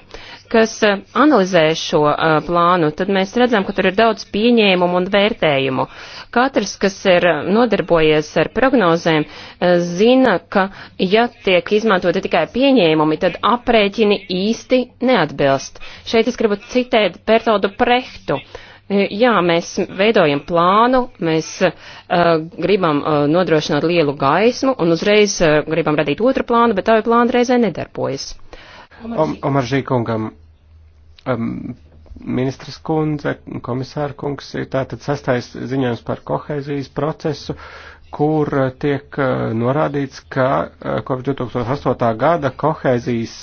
Kas eh, analizē šo uh, plānu, tad mēs redzam, ka tur ir daudz pieņēmumu un vērtējumu. Katrs, kas ir eh, nodarbojies ar prognozēm, zina, ka ja tiek izmantoti tikai pieņēmumi, tad aprēķini īsti neatbilst. Šeit es gribu citēt Bertoldu Prehtu. Uh, E, jā, mēs veidojam plānu, mēs uh, gribam uh, nodrošināt lielu gaismu un uzreiz uh, gribam radīt otru plānu, bet tā jau plāna reizē nedarbojas. Omar Žīkungam, um, ministrs kundze, komisāra kungs, ir tātad sastais ziņojums par kohēzijas procesu, kur tiek norādīts, ka kopš 2008. gada kohēzijas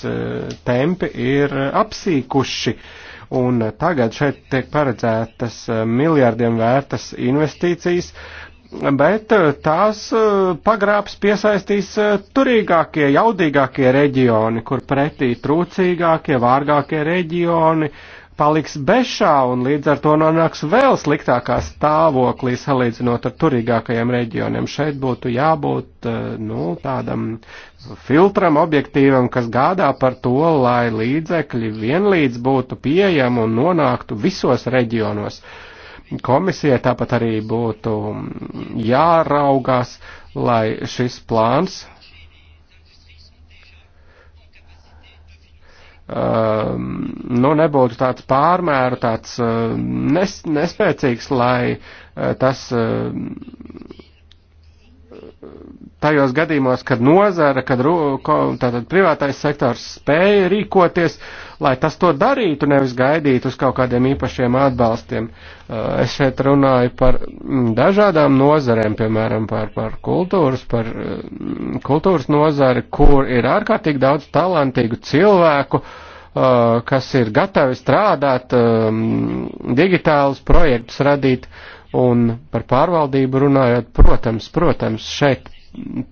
tempi ir apsīkuši. Uh, un tagad šeit tiek paredzētas eh, miljārdiem vērtas investīcijas, bet eh, tās eh, pagrābs piesaistīs turīgākie, jaudīgākie reģioni, kur pretī trūcīgākie, vārgākie reģioni paliks bešā un līdz ar to nonāks vēl sliktākā stāvoklī salīdzinot ar turīgākajiem reģioniem. Šeit būtu jābūt, nu, tādam filtram objektīvam, kas gādā par to, lai līdzekļi vienlīdz būtu pieejami un nonāktu visos reģionos. Komisijai tāpat arī būtu jāraugās, lai šis plāns um, nu, nebūtu tāds pārmēru, tāds uh, nes, nespēcīgs, lai uh, tas uh, tajos gadījumos, kad nozara, kad tātad, privātais sektors spēja rīkoties, lai tas to darītu, nevis gaidītu uz kaut kādiem īpašiem atbalstiem. Uh, es šeit runāju par mm, dažādām nozarēm, piemēram, par, par kultūras, par mm, kultūras nozari, kur ir ārkārtīgi daudz talantīgu cilvēku, uh, kas ir gatavi strādāt, um, digitālus projektus radīt. Un par pārvaldību runājot, protams, protams, šeit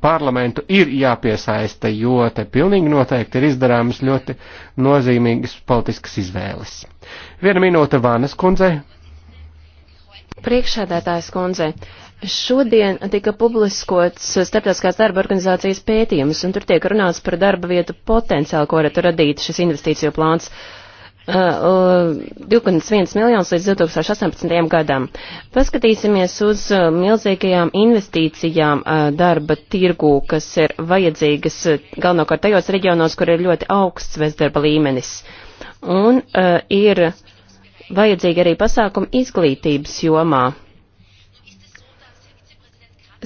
parlamentu ir jāpiesaista, jo te pilnīgi noteikti ir izdarāmas ļoti nozīmīgas politiskas izvēles. Viena minūte Vānas kundzei. Priekšsēdētājs kundzei. Šodien tika publiskots starptautiskās darba organizācijas pētījums, un tur tiek runāts par darba vietu potenciālu, ko varētu radīt šis investīciju plāns. Uh, 2,1 uh, uh, miljonus līdz 2018. gadam. Paskatīsimies uz uh, milzīgajām investīcijām darba tirgū, kas ir vajadzīgas galvenokārt tajos reģionos, kur ir ļoti augsts bezdarba līmenis. Un uh, ir vajadzīgi arī pasākumi izglītības jomā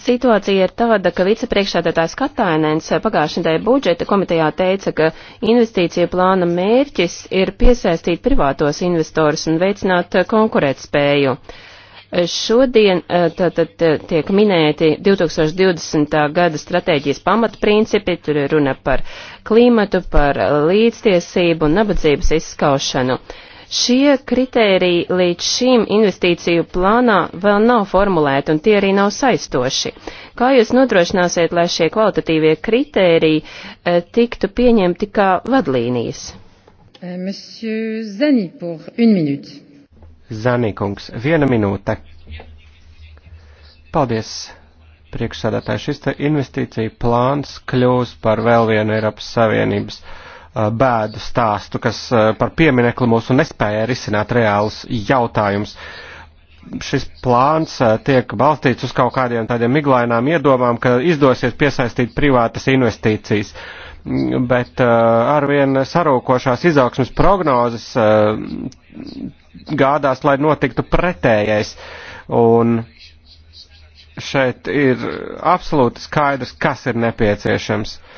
Situācija ir tāda, ka vicepriekšādātājs Katainēns pagājušajā nedēļā budžeta komitejā teica, ka investīcija plāna mērķis ir piesaistīt privātos investorus un veicināt konkurētspēju. Šodien e, tātad e, tiek minēti 2020. gada stratēģijas pamatprincipi, tur ir runa par klimatu, par līdztiesību un nabadzības izskaušanu. Uh, Šie kritēriji līdz šim investīciju plānā vēl nav formulēti un tie arī nav saistoši. Kā jūs nodrošināsiet, lai šie kvalitatīvie kritēriji e, eh, tiktu pieņemti kā vadlīnijas? Eh, monsieur Zani, pour une minute. Zani, kungs, viena minūte. Paldies, priekšsādātāji. Šis investīcija plāns kļūs par vēl vienu Eiropas Savienības uh, Eh, bēdu stāstu, kas eh, par pieminekli mūsu nespēja risināt reālus jautājumus. Šis plāns eh, tiek balstīts uz kaut kādiem tādiem miglainām iedomām, ka izdosies piesaistīt privātas investīcijas, mm, bet arvien sarūkošās izaugsmas prognozes gādās, lai notiktu pretējais. Un šeit ir absolūti skaidrs, kas ir nepieciešams. Uh,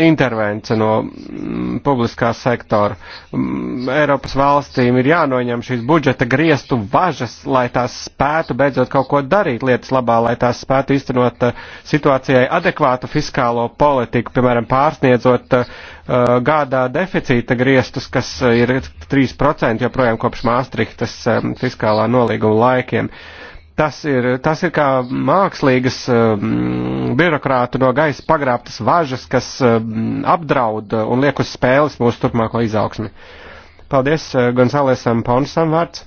intervence no mm, publiskā sektora. Mm, Eiropas valstīm ir jānoņem šīs budžeta griestu važas, lai tās spētu beidzot kaut ko darīt lietas labā, lai tās spētu iztenot eh, situācijai adekvātu fiskālo politiku, piemēram, pārsniedzot eh, gādā deficīta griestus, kas eh, ir 3% joprojām kopš Māstrihtas fiskālā nolīguma laikiem. Uh, Tas ir, tas ir kā mākslīgas um, birokrātu no gaisa pagrābtas važas, kas um, apdraud un liek uz spēles mūsu turpmāko izaugsmi. Paldies uh, Gonzalesam Paunsam vārds.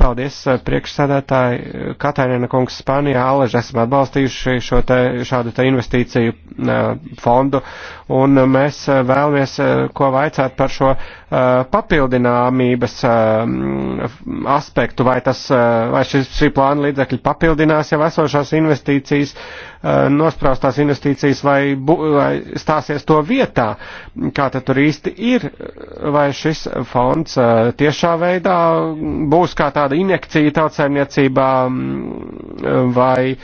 Paldies, eh, priekšsēdētāji. Katainēna kungs Spānijā alaži esam atbalstījuši šo te, šādu te investīciju eh, fondu, un mēs eh, vēlamies ko vaicāt par šo papildināmības aspektu, vai, tas, vai šis, šī plāna līdzekļi papildinās jau esošās investīcijas, Eh, nospraustās investīcijas vai, bu, vai stāsies to vietā. Kā tad tur īsti ir? Vai šis fonds eh, tiešā veidā būs kā tāda injekcija tautsēmniecībā mm, vai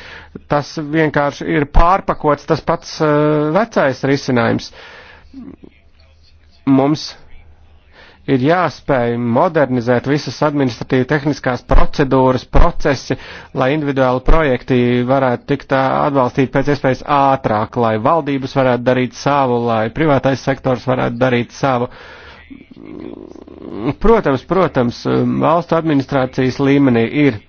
tas vienkārši ir pārpakots tas pats eh, vecais risinājums? Mums ir jāspēj modernizēt visas administratīvi tehniskās procedūras, procesi, lai individuāli projekti varētu tikt atbalstīti pēc iespējas ātrāk, lai valdības varētu darīt savu, lai privātais sektors varētu darīt savu. Protams, protams, valstu administrācijas līmenī ir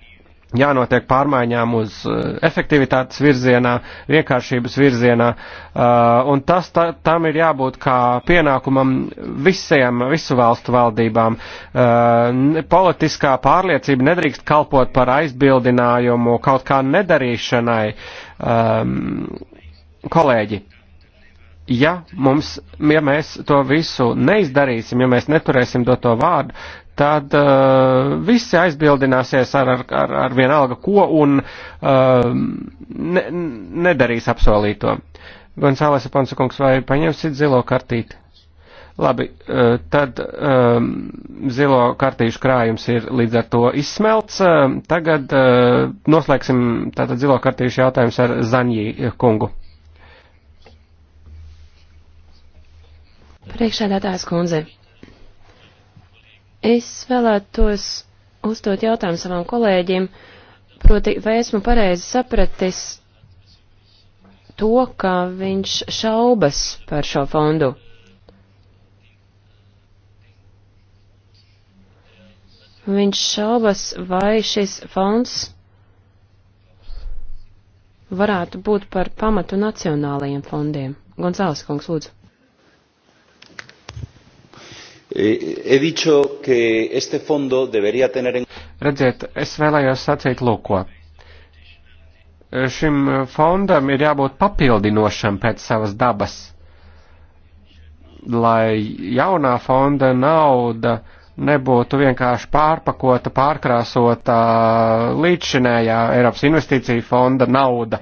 jānotiek pārmaiņām uz eh, efektivitātes virzienā, vienkāršības virzienā, eh, un tas ta, tam ir jābūt kā pienākumam visiem, visu valstu valdībām. Eh, politiskā pārliecība nedrīkst kalpot par aizbildinājumu kaut kā nedarīšanai. Ehm, kolēģi, ja mums, ja mēs to visu neizdarīsim, ja mēs neturēsim doto vārdu, tad uh, visi aizbildināsies ar, ar, ar, ar vienalga ko un uh, ne, nedarīs apsolīto. Gonzāles Aponsakungs, vai paņemsit zilo kartīti? Labi, uh, tad um, zilo kartīšu krājums ir līdz ar to izsmelts. Uh, tagad uh, noslēgsim tātad zilo kartīšu jautājums ar Zanjī kungu. Priekšēdētājs kundze, Es vēlētos uzdot jautājumu savam kolēģim, proti, vai esmu pareizi sapratis to, ka viņš šaubas par šo fondu. Viņš šaubas, vai šis fonds varētu būt par pamatu nacionālajiem fondiem. Gonzāles kungs, lūdzu. Eh, he dicho que este fondo debería tener en... Redziet, es vēlējos sacīt lūko. Eh, šim fondam ir jābūt papildinošam pēc savas dabas, lai jaunā fonda nauda nebūtu vienkārši pārpakota, pārkrāsota līdzšinējā Eiropas investīcija fonda nauda,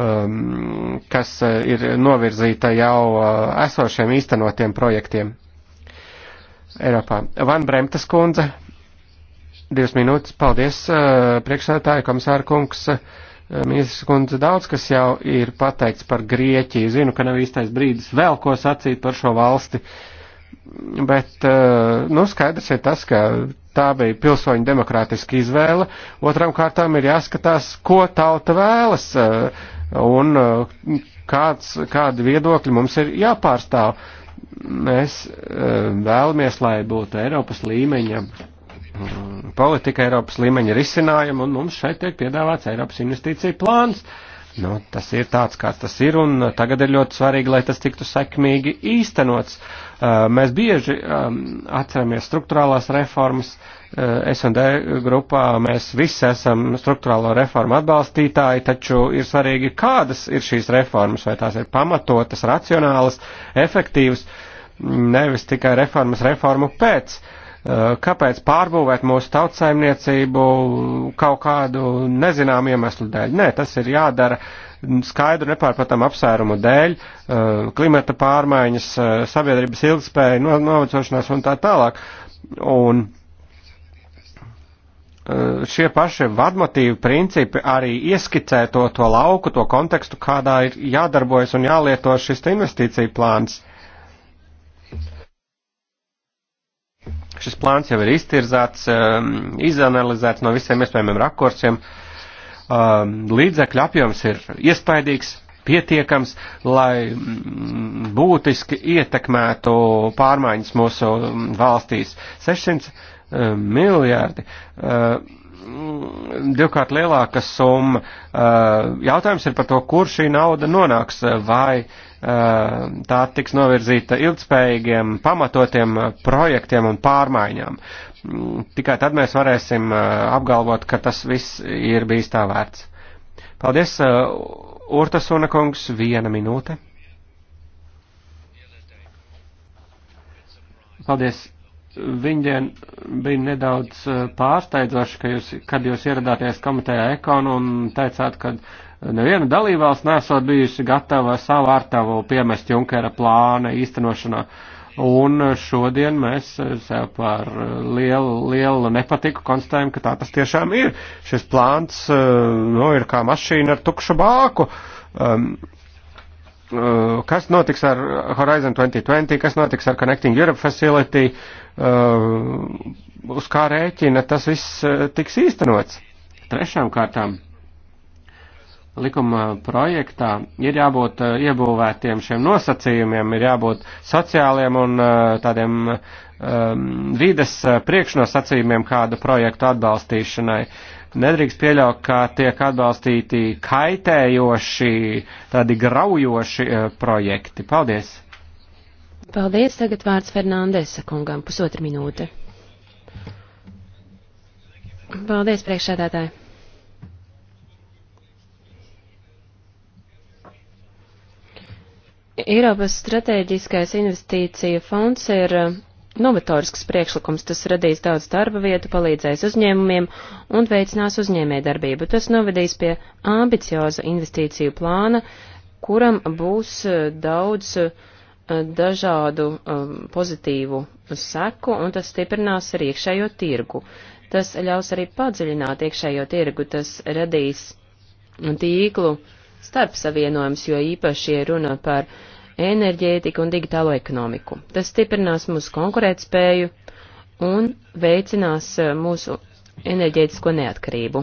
um, kas eh, ir novirzīta jau esošiem īstenotiem projektiem. Eiropā. Van Bremtas kundze, divas minūtes, paldies, uh, priekšsētāji, komisāra kungs, uh, ministrs kundze, daudz kas jau ir pateikts par Grieķiju. Zinu, ka nav īstais brīdis vēl ko sacīt par šo valsti, bet, uh, nu, skaidrs ir tas, ka tā bija pilsoņu demokrātiska izvēle. Otram kārtām ir jāskatās, ko tauta vēlas un kāds, kādi viedokļi mums ir jāpārstāv mēs e, vēlamies, lai būtu Eiropas līmeņa politika, Eiropas līmeņa risinājuma, un mums šeit tiek piedāvāts Eiropas investīcija plāns. Nu, tas ir tāds, kāds tas ir, un tagad ir ļoti svarīgi, lai tas tiktu sekmīgi īstenots. E, mēs bieži e, atceramies struktūrālās reformas, uh, Eh, S&D grupā mēs visi esam struktūrālo reformu atbalstītāji, taču ir svarīgi, kādas ir šīs reformas, vai tās ir pamatotas, racionālas, efektīvas, nevis tikai reformas reformu pēc. Eh, kāpēc pārbūvēt mūsu tautsaimniecību kaut kādu nezināmu iemeslu dēļ? Nē, tas ir jādara skaidru nepārprotamu apsvērumu dēļ, eh, klimata pārmaiņas, sabiedrības ilgspēja, novecošanās un tā tālāk. Un Eh, šie paši vadmotīvi principi arī ieskicē to, to lauku, to kontekstu, kādā ir jādarbojas un jālieto šis investīcija plāns. Šis plāns jau ir iztirzāts, ehm, izanalizēts no visiem iespējamiem rakursiem. Ehm, līdzekļu apjoms ir iespaidīgs, pietiekams, lai mm, būtiski ietekmētu pārmaiņas mūsu mm, valstīs. 600 Eh, miljardi. Eh, divkārt lielāka summa. Eh, jautājums ir par to, kur šī nauda nonāks, vai tā tiks novirzīta ilgspējīgiem, pamatotiem projektiem un pārmaiņām. Mm, tikai tad mēs varēsim apgalvot, ka tas viss ir bijis tā vērts. Paldies, Urtas Unakungs, viena minūte. Paldies viņdien bija nedaudz eh, pārsteidzoši, ka jūs, kad jūs ieradāties komitejā ekonu un teicāt, ka neviena dalībvalsts nesot bijusi gatava savu ārtavu piemest Junkera plāna īstenošanā. Un šodien mēs sev par lielu, lielu nepatiku konstatējam, ka tā tas tiešām ir. Šis plāns, eh, nu, ir kā mašīna ar tukšu bāku. Um, Uh, kas notiks ar Horizon 2020, kas notiks ar Connecting Europe Facility, uh, uz kā rēķina tas viss uh, tiks īstenots. Trešām kārtām likuma projektā ir jābūt iebūvētiem šiem nosacījumiem, ir jābūt sociāliem un tādiem um, vides priekšnosacījumiem kādu projektu atbalstīšanai. Uh, Nedrīkst pieļaut, ka tiek atbalstīti kaitējoši, tādi graujoši eh, projekti. Paldies! Paldies, tagad vārds Fernandesa kungam, pusotra minūte. Paldies, priekšsēdētāji. Eiropas strateģiskais investīcija fonds ir novatorisks priekšlikums, tas radīs daudz darba vietu, palīdzēs uzņēmumiem un veicinās uzņēmē darbību. Tas novedīs pie ambicioza investīciju plāna, kuram būs eh, daudz eh, dažādu um, pozitīvu seku, un tas stiprinās arī iekšējo tirgu. Tas ļaus arī padziļināt iekšējo tirgu, tas radīs tīklu starp savienojums, jo īpaši, ja runa par uh, enerģētiku un digitālo ekonomiku. Tas stiprinās mūsu konkurētspēju un veicinās eh, mūsu enerģētisko neatkarību.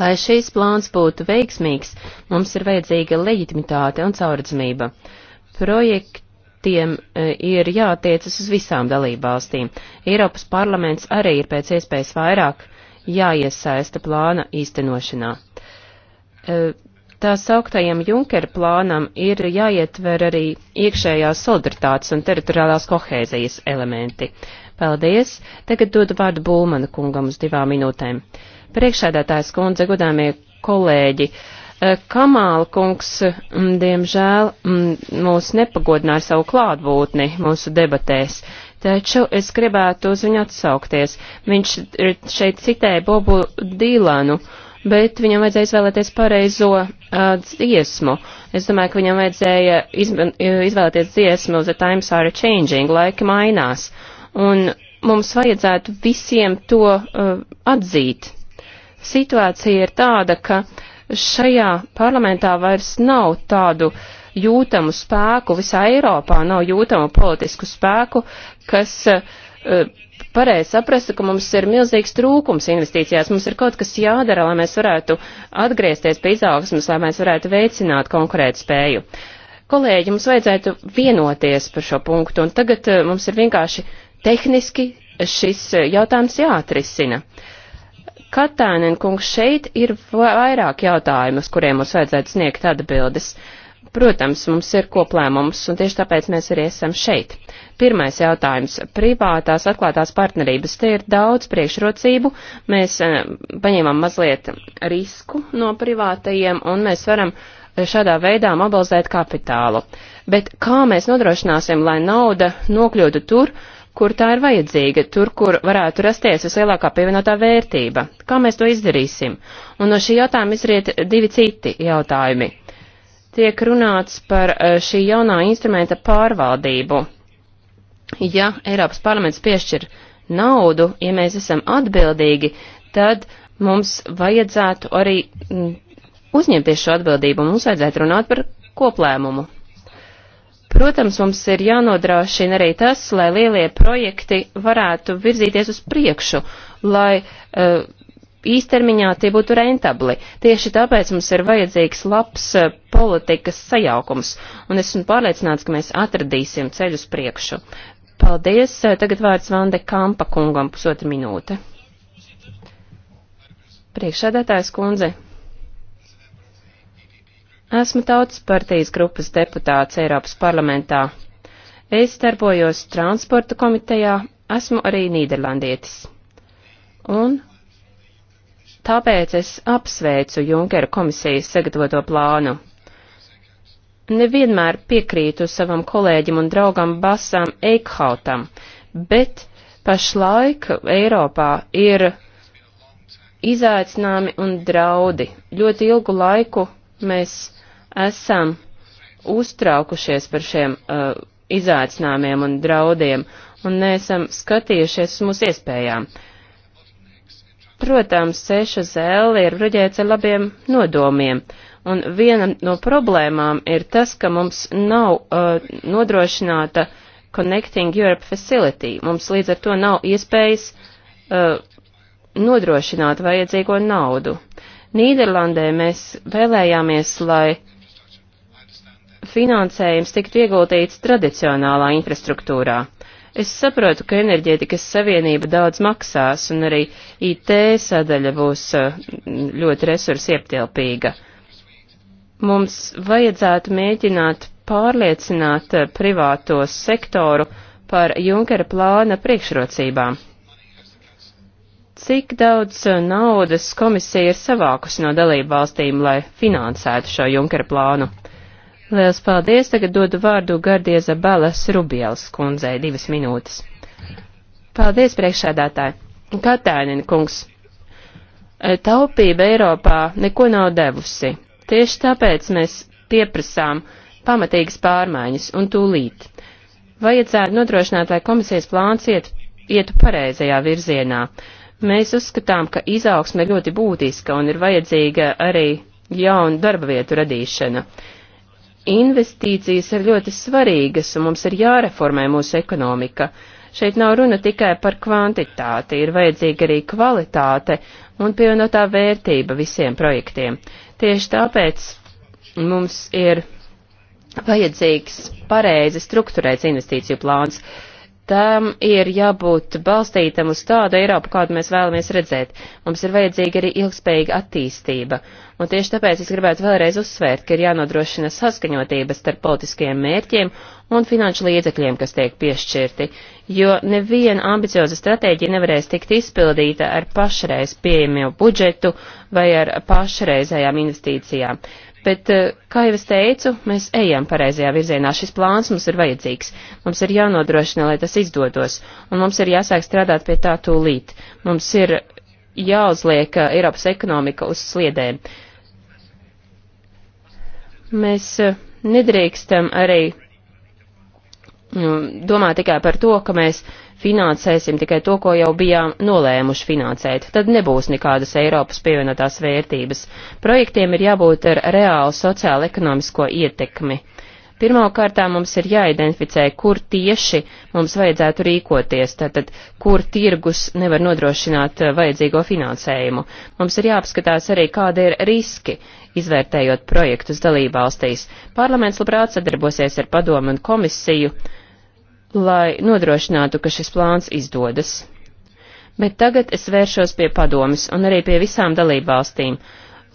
Lai šīs plāns būtu veiksmīgs, mums ir vajadzīga leģitimitāte un caurdzamība. Projektiem eh, ir jātiecas uz visām dalībvalstīm. Eiropas parlaments arī ir pēc iespējas vairāk jāiesaista plāna īstenošanā. Eh, tā sauktajam Junkera plānam ir jāietver arī iekšējās solidaritātes un teritoriālās kohēzijas elementi. Paldies! Tagad dodu vārdu Bulmana kungam uz divām minūtēm. Priekšēdētājs kundze, godāmie kolēģi, eh, Kamāla kungs, m, mm, diemžēl, m, mm, mūs nepagodināja savu klātbūtni mūsu debatēs, taču es gribētu uz viņu atsaukties. Viņš eh, šeit citēja Bobu Dīlanu bet viņam vajadzēja izvēlēties pareizo uh, dziesmu. Es domāju, ka viņam vajadzēja izvēlēties dziesmu The Times Are Changing, laika mainās. Un mums vajadzētu visiem to uh, atzīt. Situācija ir tāda, ka šajā parlamentā vairs nav tādu jūtamu spēku, visā Eiropā nav jūtamu politisku spēku, kas uh, pareizi saprastu, ka mums ir milzīgs trūkums investīcijās. Mums ir kaut kas jādara, lai mēs varētu atgriezties pie izaugsmas, lai mēs varētu veicināt konkurētspēju. Kolēģi, mums vajadzētu vienoties par šo punktu, un tagad eh, mums ir vienkārši tehniski šis eh, jautājums jāatrisina. Katēnen kungs šeit ir vairāk jautājumu, uz kuriem mums vajadzētu sniegt atbildes. Uh, Protams, mums ir koplēmums, un tieši tāpēc mēs arī esam šeit. Pirmais jautājums - privātās atklātās partnerības. Te ir daudz priekšrocību, mēs eh, paņēmām mazliet risku no privātajiem, un mēs varam eh, šādā veidā mobilizēt kapitālu. Bet kā mēs nodrošināsim, lai nauda nokļūtu tur, kur tā ir vajadzīga, tur, kur varētu rasties vislielākā pievienotā vērtība. Kā mēs to izdarīsim? Un no šī jautājuma izriet divi citi jautājumi tiek runāts par e, šī jaunā instrumenta pārvaldību. Ja Eiropas parlaments piešķir naudu, ja mēs esam atbildīgi, tad mums vajadzētu arī uzņemties šo atbildību, mums vajadzētu runāt par koplēmumu. Protams, mums ir jānodrošina arī tas, lai lielie projekti varētu virzīties uz priekšu, lai uh, īstermiņā tie būtu rentabli. Tieši tāpēc mums ir vajadzīgs labs eh, politikas sajaukums, un esmu pārliecināts, ka mēs atradīsim ceļu uz priekšu. Paldies. Eh, tagad vārds Vande Kampa kungam pusotra minūte. Priekšsēdētājs kundze. Esmu Tautas partijas grupas deputāts Eiropas parlamentā. Es darbojos transporta komitejā, esmu arī nīderlandietis. Un Tāpēc es apsveicu Junkera komisijas sagatavoto plānu. Nevienmēr piekrītu savam kolēģim un draugam Basam Eikhautam, bet pašlaik Eiropā ir izaicinājumi un draudi. Ļoti ilgu laiku mēs esam uztraukušies par šiem uh, izaicinājumiem un draudiem un neesam skatījušies uz mūsu iespējām. Uh, Protams, 6L ir bruģēts ar labiem nodomiem, un viena no problēmām ir tas, ka mums nav uh, nodrošināta Connecting Europe Facility. Mums līdz ar to nav iespējas uh, nodrošināt vajadzīgo naudu. Nīderlandē mēs vēlējāmies, lai finansējums tiktu ieguldīts tradicionālā infrastruktūrā. Es saprotu, ka enerģētikas savienība daudz maksās, un arī IT sadaļa būs eh, ļoti resursi ieptilpīga. Mums vajadzētu mēģināt pārliecināt eh, privāto sektoru par Junkera plāna priekšrocībām. Cik daudz eh, naudas komisija ir savākusi no dalību valstīm, lai finansētu šo Junkera plānu? Liels paldies! Tagad dodu vārdu Gardieza Balas Rubielas kundzei divas minūtes. Paldies, priekšsēdētāji! Katēnina kungs, e, taupība Eiropā neko nav devusi. Tieši tāpēc mēs pieprasām pamatīgas pārmaiņas un tūlīt. Vajadzētu nodrošināt, lai komisijas plāns iet, ietu pareizajā virzienā. Mēs uzskatām, ka izaugsme ir ļoti būtiska un ir vajadzīga arī jaunu darba vietu radīšana. Uh, Investīcijas ir ļoti svarīgas, un mums ir jāreformē mūsu ekonomika. Šeit nav runa tikai par kvantitāti, ir vajadzīga arī kvalitāte un pievienotā vērtība visiem projektiem. Tieši tāpēc mums ir vajadzīgs pareizi strukturēts investīciju plāns. Uh, tam ir jābūt balstītam uz tādu Eiropu, kādu mēs vēlamies redzēt. Mums ir vajadzīga arī ilgspējīga attīstība. Un tieši tāpēc es gribētu vēlreiz uzsvērt, ka ir jānodrošina saskaņotības starp politiskajiem mērķiem un finanšu līdzekļiem, kas tiek piešķirti, jo neviena ambicioza stratēģija nevarēs tikt izpildīta ar pašreiz pieejamiem budžetu vai ar pašreizējām investīcijām. Bet, eh, kā jau es teicu, mēs ejam pareizajā virzienā. Šis plāns mums ir vajadzīgs. Mums ir jānodrošina, lai tas izdotos, un mums ir jāsāk strādāt pie tā tūlīt. Mums ir jāuzliek eh, Eiropas ekonomika uz sliedēm. Mēs eh, nedrīkstam arī Mm, domā tikai par to, ka mēs finansēsim tikai to, ko jau bijām nolēmuši finansēt. Tad nebūs nekādas Eiropas pievienotās vērtības. Projektiem ir jābūt ar reālu sociālu ekonomisko ietekmi. Pirmkārtām mums ir jāidentificē, kur tieši mums vajadzētu rīkoties, tātad, kur tirgus nevar nodrošināt eh, vajadzīgo finansējumu. Mums ir jāapskatās arī, kāda ir riski, izvērtējot projektus dalībvalstīs. Parlaments labprāt sadarbosies ar padomu un komisiju, lai nodrošinātu, ka šis plāns izdodas. Bet tagad es vēršos pie padomis un arī pie visām dalībvalstīm.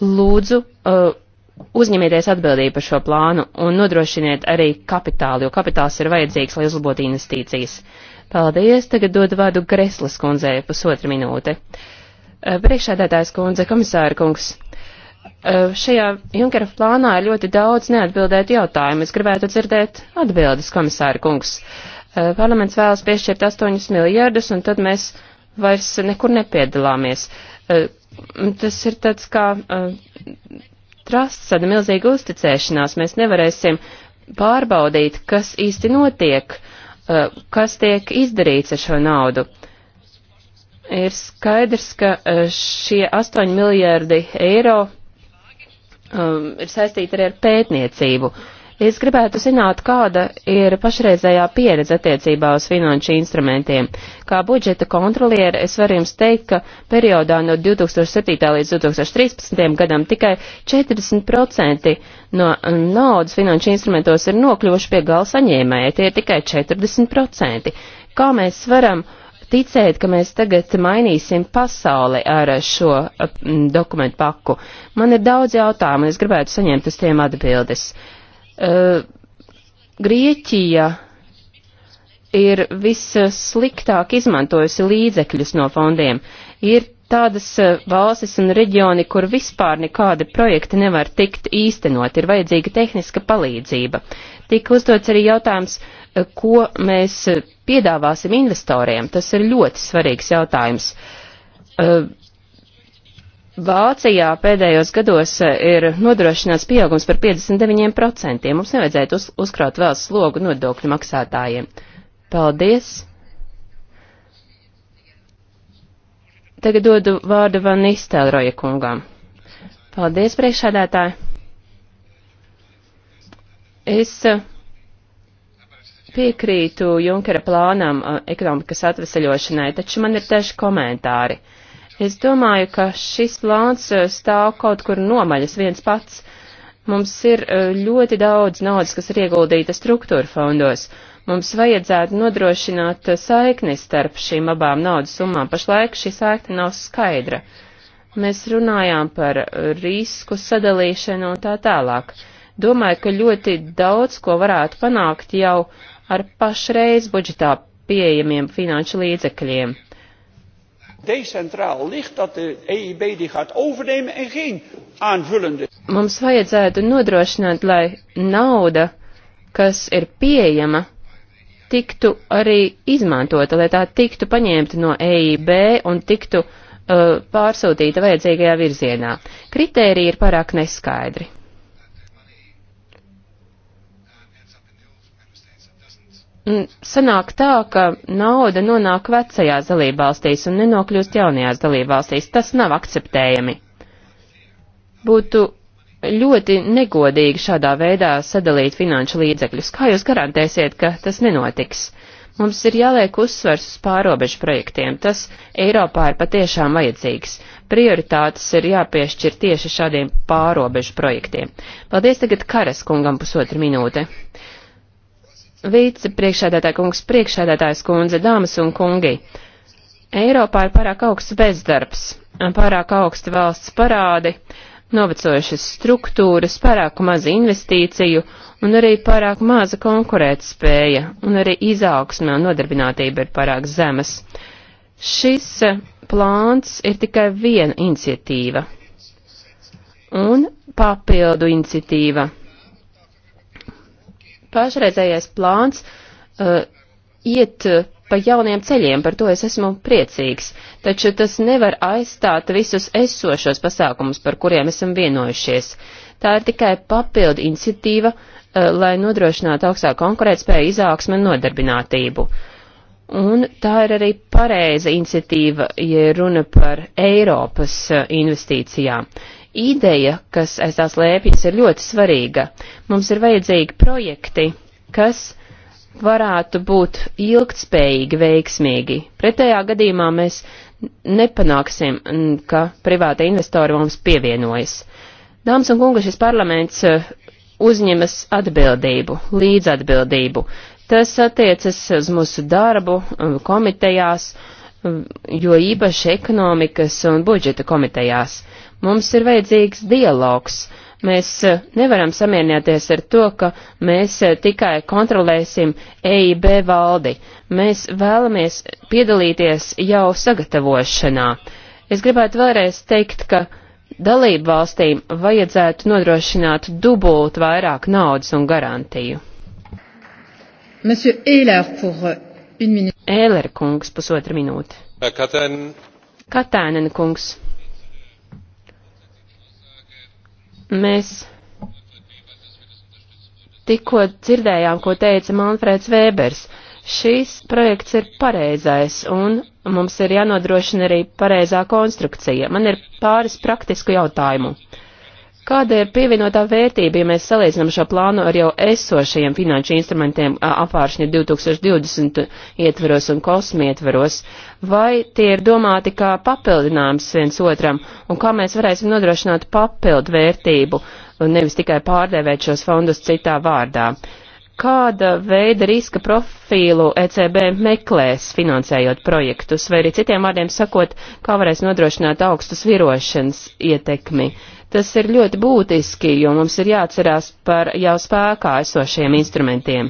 Lūdzu, uh, uzņemieties atbildību par šo plānu un nodrošiniet arī kapitālu, jo kapitāls ir vajadzīgs, lai uzlabotu investīcijas. Paldies, tagad dodu vārdu Greslas kundzei pusotra minūte. Uh, Priekšādātājs kundze, komisāra kungs, uh, šajā Junkera plānā ir ļoti daudz neatbildētu jautājumu. Es gribētu dzirdēt atbildes, komisāra kungs. Uh, Eh, parlaments vēlas piešķirt 8 miljardus, un tad mēs vairs nekur nepiedalāmies. Eh, tas ir tāds kā eh, trusts, tāda milzīga uzticēšanās. Mēs nevarēsim pārbaudīt, kas īsti notiek, kas tiek izdarīts ar šo naudu. Ir skaidrs, ka šie 8 miljardi eiro um, ir saistīti arī ar pētniecību. Uh, Es gribētu zināt, kāda ir pašreizējā pieredze attiecībā uz finanšu instrumentiem. Kā budžeta kontroliere es varu jums teikt, ka periodā no 2007. līdz 2013. gadam tikai 40% no naudas finanšu instrumentos ir nokļuvuši pie gala saņēmēja. Tie ir tikai 40%. Kā mēs varam ticēt, ka mēs tagad mainīsim pasauli ar šo dokumentu paku? Man ir daudz jautājumu, un es gribētu saņemt uz tiem atbildes. Eh, Grieķija ir vissliktāk izmantojusi līdzekļus no fondiem. Ir tādas eh, valstis un reģioni, kur vispār nekādi projekti nevar tikt īstenot, ir vajadzīga tehniska palīdzība. Tika uzdots arī jautājums, eh, ko mēs piedāvāsim investoriem. Tas ir ļoti svarīgs jautājums. Vācijā pēdējos gados eh, ir nodrošināts pieaugums par 59%. Mums nevajadzētu uz, uzkraut vēl slogu nodokļu maksātājiem. Paldies! Tagad dodu vārdu Van Nistelroja kungam. Paldies, priekšādātāji! Es eh, piekrītu Junkera plānam eh, ekonomikas atveseļošanai, taču man ir daži komentāri. Uh, Es domāju, ka šis plāns eh, stāv kaut kur nomaļas viens pats. Mums ir eh, ļoti daudz naudas, kas ir ieguldīta struktūra fondos. Mums vajadzētu nodrošināt eh, saikni starp šīm abām naudas summām. Pašlaik šī saikne nav skaidra. Mēs runājām par risku sadalīšanu un tā tālāk. Domāju, ka ļoti daudz ko varētu panākt jau ar pašreiz budžetā pieejamiem finanšu līdzekļiem decentraal ligt, dat de EIB die gaat overnemen en geen aanvullende. Mums vajadzētu nodrošināt, lai nauda, kas ir pieejama, tiktu arī izmantota, lai tā tiktu paņemta no EIB un tiktu uh, pārsūtīta vajadzīgajā virzienā. Kritērija ir pārāk neskaidri. Sanāk tā, ka nauda nonāk vecajās dalībvalstīs un nenokļūst jaunajās dalībvalstīs. Tas nav akceptējami. Būtu ļoti negodīgi šādā veidā sadalīt finanšu līdzekļus. Kā jūs garantēsiet, ka tas nenotiks? Mums ir jāliek uzsvers uz pārobežu projektiem. Tas Eiropā ir patiešām vajadzīgs. Prioritātes ir jāpiešķir tieši šādiem pārobežu projektiem. Paldies tagad Karas kungam pusotru minūte. Vicepriekšādātāja kungs, priekšādātājs kundze, dāmas un kungi. Eiropā ir pārāk augsts bezdarbs, pārāk augsti valsts parādi, novecojušas struktūras, pārāk maz investīciju un arī pārāk maza konkurētspēja un arī izaugsme un nodarbinātība ir pārāk zemas. Šis eh, plāns ir tikai viena iniciatīva un papildu iniciatīva pašreizējais plāns uh, iet uh, pa jauniem ceļiem, par to es esmu priecīgs, taču tas nevar aizstāt visus esošos pasākumus, par kuriem esam vienojušies. Tā ir tikai papildu iniciatīva, uh, lai nodrošinātu augstāku konkurētspēju, izaugsmu un nodarbinātību. Un tā ir arī pareiza iniciatīva, ja runa par Eiropas uh, investīcijām. Uh, ideja, kas aiz tās lēpjas, ir ļoti svarīga. Mums ir vajadzīgi projekti, kas varētu būt ilgtspējīgi, veiksmīgi. Pretējā gadījumā mēs nepanāksim, ka privāta investori mums pievienojas. Dāmas un kungi, šis parlaments eh, uzņemas atbildību, līdzatbildību. Tas attiecas uz mūsu darbu um, komitejās, um, jo īpaši ekonomikas un budžeta komitejās. Mums ir vajadzīgs dialogs. Mēs eh, nevaram samierināties ar to, ka mēs eh, tikai kontrolēsim EIB valdi. Mēs vēlamies piedalīties jau sagatavošanā. Es gribētu vēlreiz teikt, ka dalību valstīm vajadzētu nodrošināt dubult vairāk naudas un garantiju. Ēlera euh, kungs, pusotra minūte. Katainen kungs. Mēs tikko dzirdējām, ko teica Manfrēds Vēbers. Šīs projekts ir pareizais, un mums ir jānodrošina arī pareizā konstrukcija. Man ir pāris praktisku jautājumu. Uh, Kāda ir pievienotā vērtība, ja mēs salīdzinām šo plānu ar jau esošajiem finanšu instrumentiem apvāršņa 2020 ietveros un kosmi ietveros? Vai tie ir domāti kā papildinājums viens otram, un kā mēs varēsim nodrošināt papildu vērtību, nevis tikai pārdēvēt šos fondus citā vārdā? Kāda veida riska profilu ECB meklēs finansējot projektus, vai arī citiem vārdiem sakot, kā varēs nodrošināt augstus virošanas ietekmi? Uh, Tas ir ļoti būtiski, jo mums ir jāatcerās par jau spēkā esošiem instrumentiem.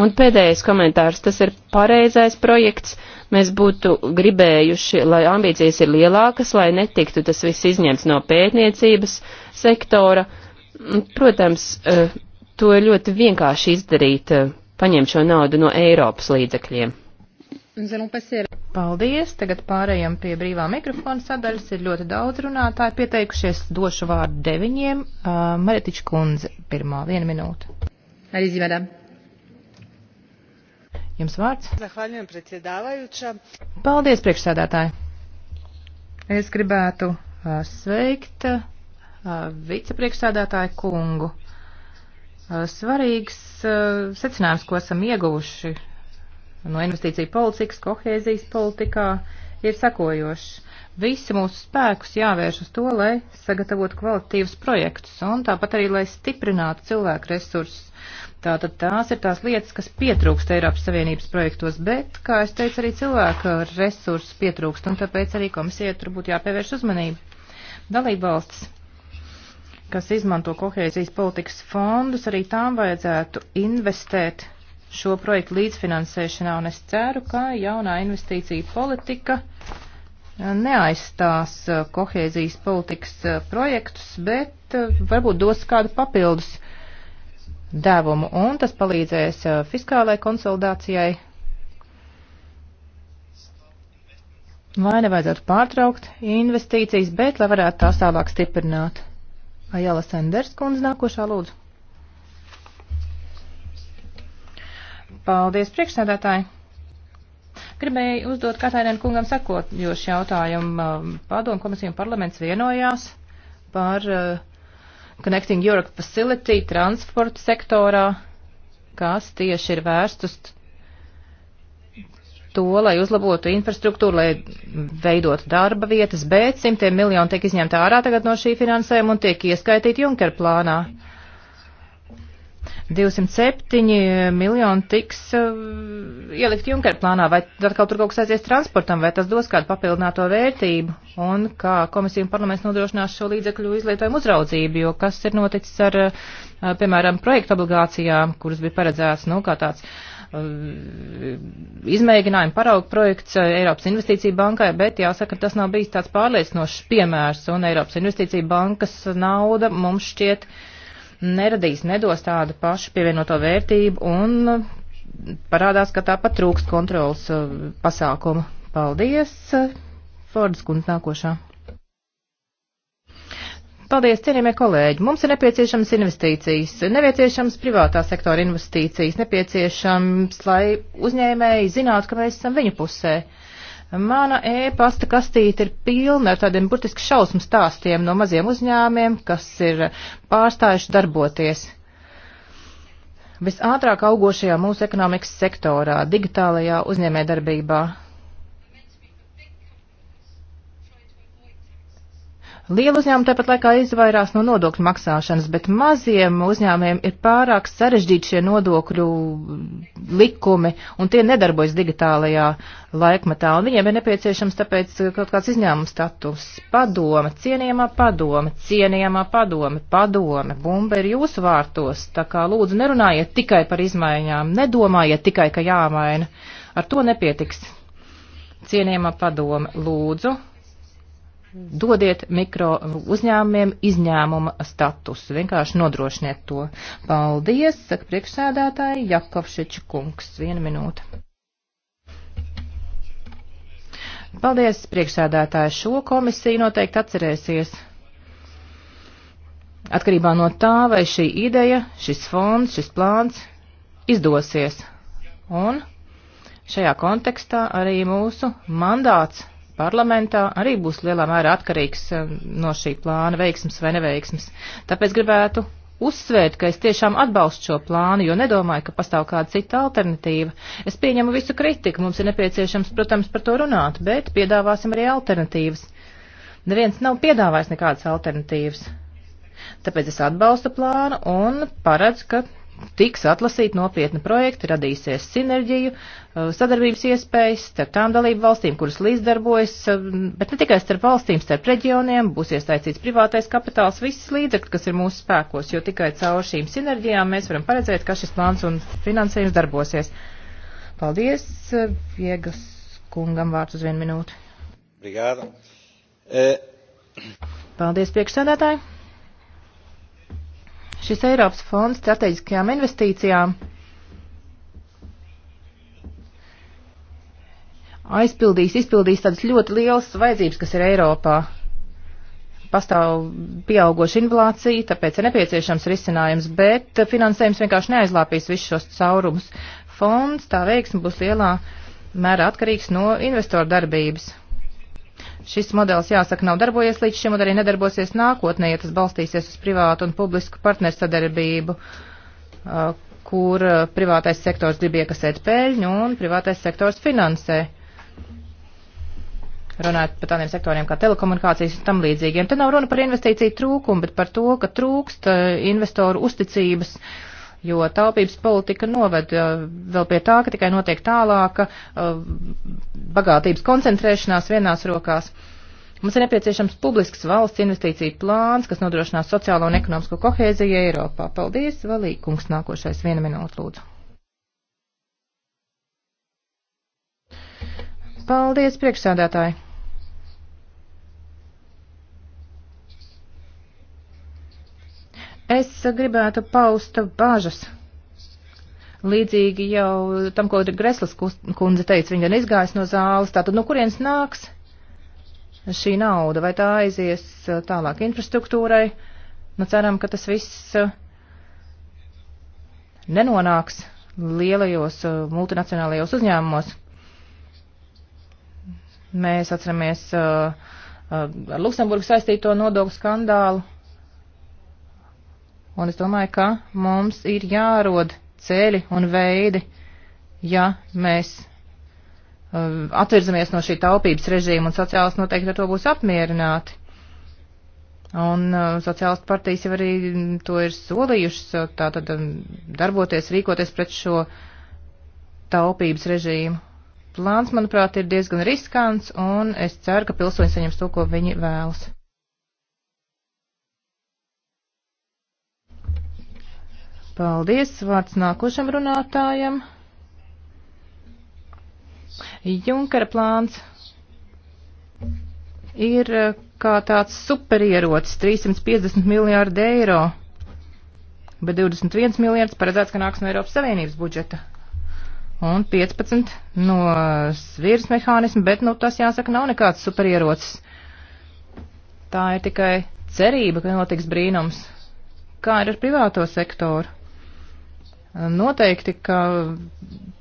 Un pēdējais komentārs, tas ir pareizais projekts. Mēs būtu gribējuši, lai ambīcijas ir lielākas, lai netiktu tas viss izņemts no pētniecības sektora. Protams, eh, to ir ļoti vienkārši izdarīt, eh, paņemt šo naudu no Eiropas līdzekļiem. Paldies! Tagad pārējām pie brīvā mikrofona sadaļas. Ir ļoti daudz runātāju pieteikušies. Došu vārdu deviņiem. Uh, Maritiča kundze, pirmā, viena minūte. Arī zīmēdām. Jums vārds. Zahvaļņiem preciedāvājuča. Paldies, priekšsēdētāji. Es gribētu uh, sveikt uh, vicepriekšsēdētāju kungu. Uh, svarīgs uh, secinājums, ko esam ieguvuši no investīciju politikas, kohēzijas politikā ir sekojošs. Visi mūsu spēkus jāvērš uz to, lai sagatavotu kvalitīvus projektus un tāpat arī, lai stiprinātu cilvēku resursus. Tātad tās ir tās lietas, kas pietrūkst Eiropas Savienības projektos, bet, kā es teicu, arī cilvēka resursus pietrūkst, un tāpēc arī komisija tur būtu jāpievērš uzmanība. Dalībvalstis, kas izmanto kohēzijas politikas fondus, arī tām vajadzētu investēt šo projektu līdzfinansēšanā, un es ceru, ka jaunā investīcija politika uh, neaizstās uh, kohēzijas politikas uh, projektus, bet varbūt dos kādu papildus devumu, un tas palīdzēs fiskālai konsolidācijai. Lai nevajadzētu pārtraukt investīcijas, bet lai varētu tās tālāk stiprināt. Ajala Sanders kundze nākošā lūdzu. Paldies, priekšsēdētāji! Gribēju uzdot Katainēn kungam sakot, jo šī jautājuma um, padomu komisija un parlaments vienojās par uh, Connecting Europe Facility transporta sektorā, kas tieši ir vērsts uz to, lai uzlabotu infrastruktūru, lai veidotu darba vietas, bet simtiem miljonu tiek izņemta ārā tagad no šī finansējuma un tiek ieskaitīti Junker plānā. Uh, 207 miljoni tiks uh, ielikt Junker plānā, vai atkal tur kaut kas aizies transportam, vai tas dos kādu papildināto vērtību, un kā komisija un parlaments nodrošinās šo līdzekļu izlietojumu uzraudzību, jo kas ir noticis ar, uh, piemēram, projektu obligācijām, kuras bija paredzēts, nu, kā tāds uh, izmēģinājuma parauga projekts Eiropas Investīcija bankai, bet jāsaka, tas nav bijis tāds pārliecinošs piemērs, un Eiropas Investīcija bankas nauda mums šķiet uh, neradīs, nedos tādu pašu pievienoto vērtību un parādās, ka tāpat trūkst kontrolas uh, pasākumu. Paldies, uh, Fordas kundze nākošā. Paldies, cienījamie kolēģi. Mums ir nepieciešams investīcijas, nepieciešams privātā sektora investīcijas, nepieciešams, lai uzņēmēji zinātu, ka mēs esam viņu pusē. Uh, Mana e-pasta kastīte ir pilna ar tādiem burtiski šausmu stāstiem no maziem uzņēmiem, kas ir pārstājuši darboties. Visātrāk augošajā mūsu ekonomikas sektorā, digitālajā uzņēmē darbībā, Liela uzņēmuma tāpat laikā izvairās no nodokļu maksāšanas, bet maziem uzņēmējiem ir pārāk sarežģīti šie nodokļu likumi, un tie nedarbojas digitālajā laikmatā, un viņiem ir nepieciešams tāpēc kaut kāds izņēmuma status. Padome, cienījamā padome, cienījamā padome, padome, bumba ir jūsu vārtos, tā kā lūdzu nerunājiet tikai par izmaiņām, nedomājiet tikai, ka jāmaina. Ar to nepietiks. Cienījamā padome, lūdzu, dodiet mikro uzņēmumiem izņēmuma statusu, vienkārši nodrošiniet to. Paldies, saka priekšsēdētāji Jakovšiča kungs, viena minūte. Paldies, priekšsēdētāji, šo komisiju noteikti atcerēsies. Atkarībā no tā, vai šī ideja, šis fonds, šis plāns izdosies. Un šajā kontekstā arī mūsu mandāts parlamentā, arī būs lielā mērā atkarīgs eh, no šī plāna veiksmes vai neveiksmes. Tāpēc gribētu uzsvērt, ka es tiešām atbalstu šo plānu, jo nedomāju, ka pastāv kāda cita alternatīva. Es pieņemu visu kritiku, mums ir nepieciešams, protams, par to runāt, bet piedāvāsim arī alternatīvas. Neviens nav piedāvājis nekādas alternatīvas. Tāpēc es atbalstu plānu un paredzu, ka tiks atlasīt nopietni projekti, radīsies sinerģiju, Uh, sadarbības iespējas starp tām dalību valstīm, kuras līdzdarbojas, uh, bet ne tikai starp valstīm, starp reģioniem, būs iesaistīts privātais kapitāls, visas līdzekļi, kas ir mūsu spēkos, jo tikai caur šīm sinerģijām mēs varam paredzēt, ka šis plāns un finansējums darbosies. Paldies, uh, Viegas kungam vārds uz vienu minūti. Brigāda. E... Paldies, priekšsēdētāji. Šis Eiropas fonds strateģiskajām investīcijām aizpildīs, izpildīs tādas ļoti lielas vajadzības, kas ir Eiropā. Pastāv pieaugoša inflācija, tāpēc ir nepieciešams risinājums, bet finansējums vienkārši neaizlāpīs visus šos caurumus. Fonds tā veiksme būs lielā mērā atkarīgs no investoru darbības. Šis modelis, jāsaka, nav darbojies līdz šim un arī nedarbosies nākotnē, ja tas balstīsies uz privātu un publisku partnersadarbību, kur privātais sektors grib iekasēt peļņu un privātais sektors finansē runājot par tādiem sektoriem kā telekomunikācijas un tam līdzīgiem. Te nav runa par investīciju trūkumu, bet par to, ka trūkst eh, investoru uzticības, jo taupības politika noved eh, vēl pie tā, ka tikai notiek tālāka eh, bagātības koncentrēšanās vienās rokās. Mums ir nepieciešams publisks valsts investīciju plāns, kas nodrošinās sociālo un ekonomisko kohēziju Eiropā. Paldies, Valīkungs, nākošais viena minūte lūdzu. Paldies, priekšsādātāji! Es gribētu paust bāžas. Līdzīgi jau tam, ko Greslas kundze teica, viņa izgājas no zāles. Tātad no kurienes nāks šī nauda? Vai tā aizies uh, tālāk infrastruktūrai? Nu, ceram, ka tas viss uh, nenonāks lielajos uh, multinacionālajos uzņēmumos. Mēs atceramies uh, uh, Luksemburgu saistīto nodokļu skandālu. Un es domāju, ka mums ir jārod ceļi un veidi, ja mēs uh, atvirzamies no šī taupības režīma un sociālisti noteikti ar to būs apmierināti. Un uh, sociālistu partijas jau arī to ir solījušas, uh, tātad um, darboties, rīkoties pret šo taupības režīmu plāns, manuprāt, ir diezgan riskants, un es ceru, ka pilsoņi saņems to, ko viņi vēlas. Paldies, vārds nākošam runātājam. Junkara plāns ir eh, kā tāds superierots 350 miljārdi eiro, bet 21 miljārds paredzēts, ka nāks no Eiropas Savienības budžeta un 15 no svīras mehānismu, bet, nu, tas jāsaka, nav nekāds superierocis. Tā ir tikai cerība, ka notiks brīnums. Kā ir ar privāto sektoru? Noteikti, ka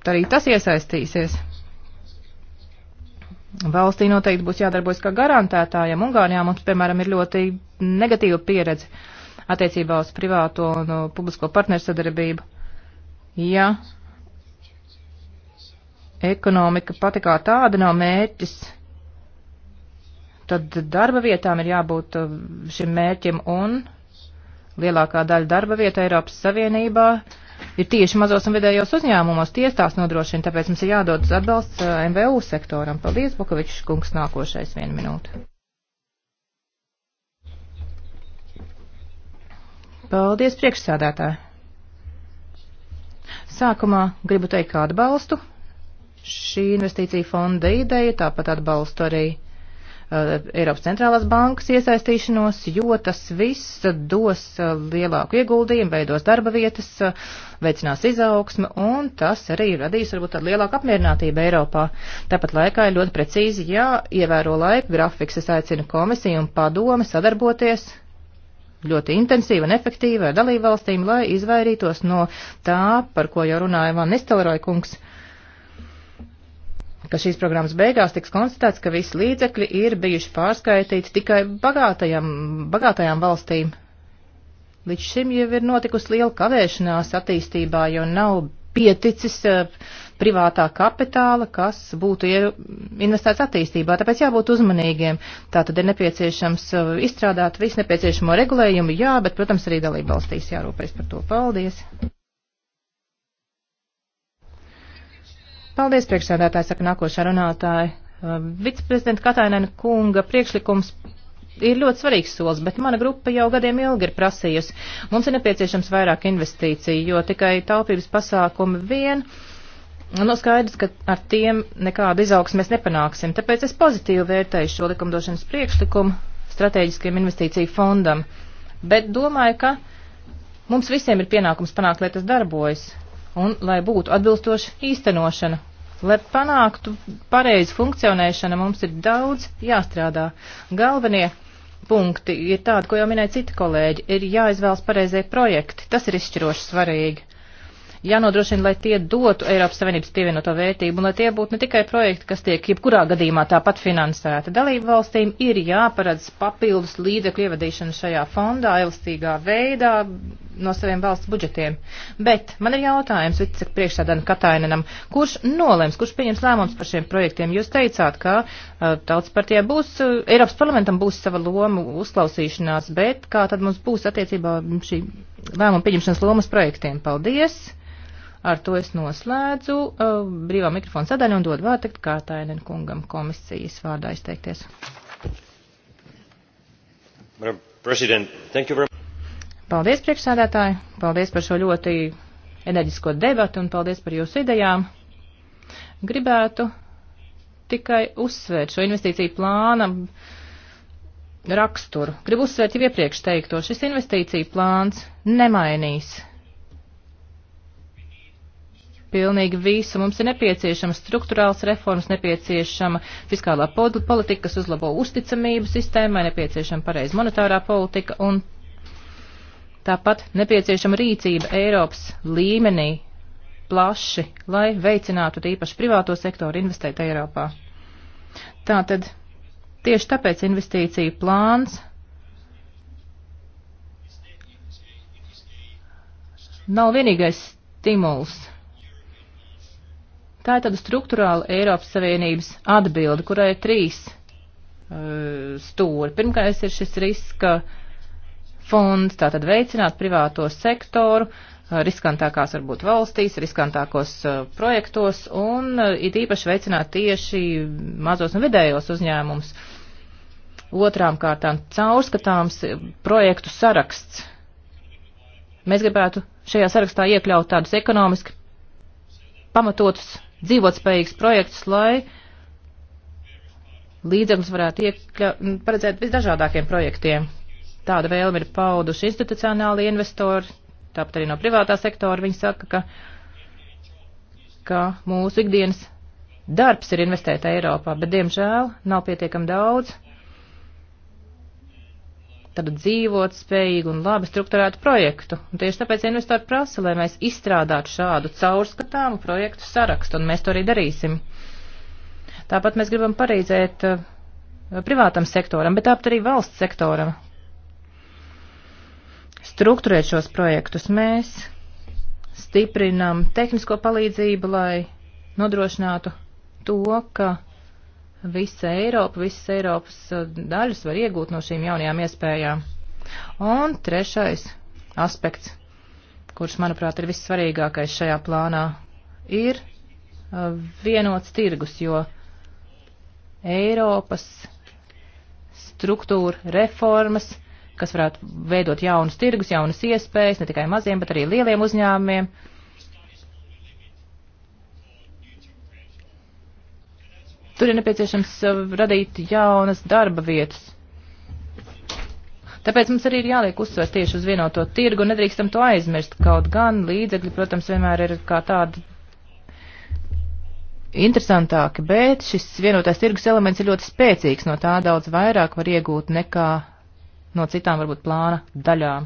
arī tas iesaistīsies. Valstī noteikti būs jādarbojas kā garantētājiem. Ungārijā mums, piemēram, ir ļoti negatīva pieredze attiecībā uz privāto un no publisko partneru sadarbību. Ja ekonomika pati kā tāda nav mērķis, tad darba vietām ir jābūt uh, šim mērķim un lielākā daļa darba vieta Eiropas Savienībā ir tieši mazos un vidējos uzņēmumos. Ties tās nodrošina, tāpēc mums ir jādod atbalsts uh, MVU sektoram. Paldies, Bukovičs kungs, nākošais vienu minūtu. Paldies, priekšsādātāji! Sākumā gribu teikt, ka atbalstu šī investīcija fonda ideja, tāpat atbalstu arī uh, Eiropas centrālās bankas iesaistīšanos, jo tas viss dos uh, lielāku ieguldījumu, veidos darba vietas, uh, veicinās izaugsmu un tas arī radīs varbūt tādu lielāku apmierinātību Eiropā. Tāpat laikā ir ļoti precīzi jāievēro laika grafiks. Es aicinu komisiju un padomi sadarboties ļoti intensīva un efektīva ar dalībvalstīm, lai izvairītos no tā, par ko jau runāja Van Nistelroja kungs. Uh, ka šīs programmas beigās tiks konstatēts, ka visi līdzekļi ir bijuši pārskaitīti tikai bagātajām, bagātajām valstīm. Līdz šim jau ir notikusi liela kavēšanās attīstībā, jo nav pieticis eh, privātā kapitāla, kas būtu investēts attīstībā, tāpēc jābūt uzmanīgiem. Tā tad ir nepieciešams eh, izstrādāt visu nepieciešamo regulējumu, jā, bet, protams, arī dalība valstīs jārūpējas par to. Paldies! Paldies, priekšsēdētāji, saka nākošā runātāja. Uh, viceprezidenta Katainēna kunga priekšlikums ir ļoti svarīgs solis, bet mana grupa jau gadiem ilgi ir prasījusi. Mums ir nepieciešams vairāk investīciju, jo tikai taupības pasākumi vien. No nu, skaidrs, ka ar tiem nekādu izaugsmu mēs nepanāksim, tāpēc es pozitīvi vērtēju šo likumdošanas priekšlikumu strateģiskiem investīciju fondam, bet domāju, ka mums visiem ir pienākums panākt, lai tas darbojas un lai būtu atbilstoša īstenošana. Lai panāktu pareizu funkcionēšanu, mums ir daudz jāstrādā. Galvenie punkti ir tādi, ko jau minēja citi kolēģi, ir jāizvēlas pareizie projekti. Tas ir izšķiroši svarīgi jānodrošina, lai tie dotu Eiropas Savienības pievienoto vērtību un lai tie būtu ne tikai projekti, kas tiek jebkurā gadījumā tāpat finansēti. Dalību valstīm ir jāparedz papildus līdzekļu ievadīšanu šajā fondā elastīgā veidā no saviem valsts budžetiem. Bet man ir jautājums vicepriekšsēdētājam Katainenam, kurš nolems, kurš pieņems lēmums par šiem projektiem? Jūs teicāt, ka uh, tautas partijā būs, uh, Eiropas parlamentam būs sava loma uzklausīšanās, bet kā tad mums būs attiecībā šī lēmuma pieņemšanas lomas projektiem? Paldies! Ar to es noslēdzu uh, brīvā mikrofona sadaļu un dodu vārdu tagad Kārtainen kungam komisijas vārdā izteikties. Paldies, priekšsādātāji! Paldies par šo ļoti enerģisko debatu un paldies par jūsu idejām. Gribētu tikai uzsvērt šo investīciju plāna raksturu. Gribu uzsvērt jau iepriekš teikto, šis investīciju plāns nemainīs pilnīgi visu. Mums ir nepieciešama struktūrāls reformas, nepieciešama fiskālā politika, kas uzlabo uzticamību sistēmai, nepieciešama pareiz monetārā politika un tāpat nepieciešama rīcība Eiropas līmenī plaši, lai veicinātu īpaši privāto sektoru investēt Eiropā. Tātad tieši tāpēc investīcija plāns nav vienīgais stimuls Tā ir tāda struktūrāla Eiropas Savienības atbilde, kurai ir trīs uh, stūri. Pirmkārt ir šis riska fonds, tātad veicināt privāto sektoru, uh, riskantākās varbūt valstīs, riskantākos uh, projektos un uh, it īpaši veicināt tieši mazos un vidējos uzņēmumus. Otrām kārtām caurskatāms projektu saraksts. Mēs gribētu šajā sarakstā iekļaut tādus ekonomiski pamatotus dzīvotspējīgs projekts, lai līdzekļus varētu iekļa, paredzēt visdažādākiem projektiem. Tāda vēlme ir pauduši institucionāli investori, tāpat arī no privātā sektora viņi saka, ka, ka mūsu ikdienas darbs ir investēt Eiropā, bet diemžēl nav pietiekam daudz tādu dzīvot spējīgu un labi strukturētu projektu. Un tieši tāpēc investori prasa, lai mēs izstrādātu šādu caurskatāmu projektu sarakstu, un mēs to arī darīsim. Tāpat mēs gribam parīdzēt uh, privātam sektoram, bet tāpat arī valsts sektoram. Struktūrēt šos projektus mēs stiprinam tehnisko palīdzību, lai nodrošinātu to, ka visa Eiropa, visas Eiropas uh, daļas var iegūt no šīm jaunajām iespējām. Un trešais aspekts, kurš, manuprāt, ir vissvarīgākais šajā plānā, ir uh, vienots tirgus, jo Eiropas struktūra reformas, kas varētu veidot jaunus tirgus, jaunas iespējas, ne tikai maziem, bet arī lieliem uzņēmumiem, uh, Tur ir nepieciešams uh, radīt jaunas darba vietas. Tāpēc mums arī ir jāliek uzsvers tieši uz vienoto tirgu, nedrīkstam to aizmirst. Kaut gan līdzekļi, protams, vienmēr ir kā tādi interesantāki, bet šis vienotais tirgus elements ir ļoti spēcīgs, no tā daudz vairāk var iegūt nekā no citām varbūt plāna daļām.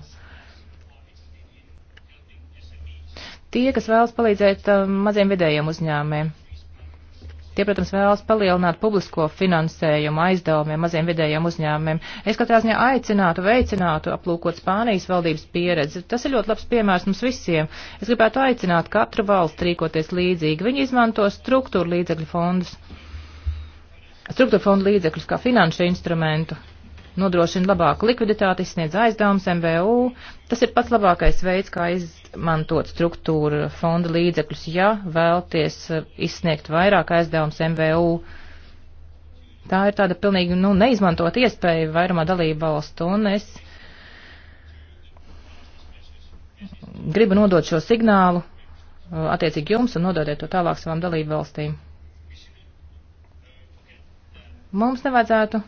Tie, kas vēlas palīdzēt uh, maziem vidējiem uzņēmumiem, Tie, protams, vēlas palielināt publisko finansējumu aizdevumiem maziem vidējiem uzņēmumiem. Es katrā ziņā aicinātu, veicinātu aplūkot Spānijas valdības pieredzi. Tas ir ļoti labs piemērs mums visiem. Es gribētu aicināt katru valstu rīkoties līdzīgi. Viņi izmanto struktūra līdzekļu fondus, struktūra fondu līdzekļus kā finanšu instrumentu nodrošina labāku likviditāti, izsniedz aizdevumus MVU. Tas ir pats labākais veids, kā izmantot struktūra fonda līdzekļus, ja vēlties eh, izsniegt vairāk aizdevumus MVU. Tā ir tāda pilnīgi nu, neizmantot iespēja vairumā dalību valstu, un es gribu nodot šo signālu eh, attiecīgi jums un nododiet to tālāk savām dalību valstīm. Mums nevajadzētu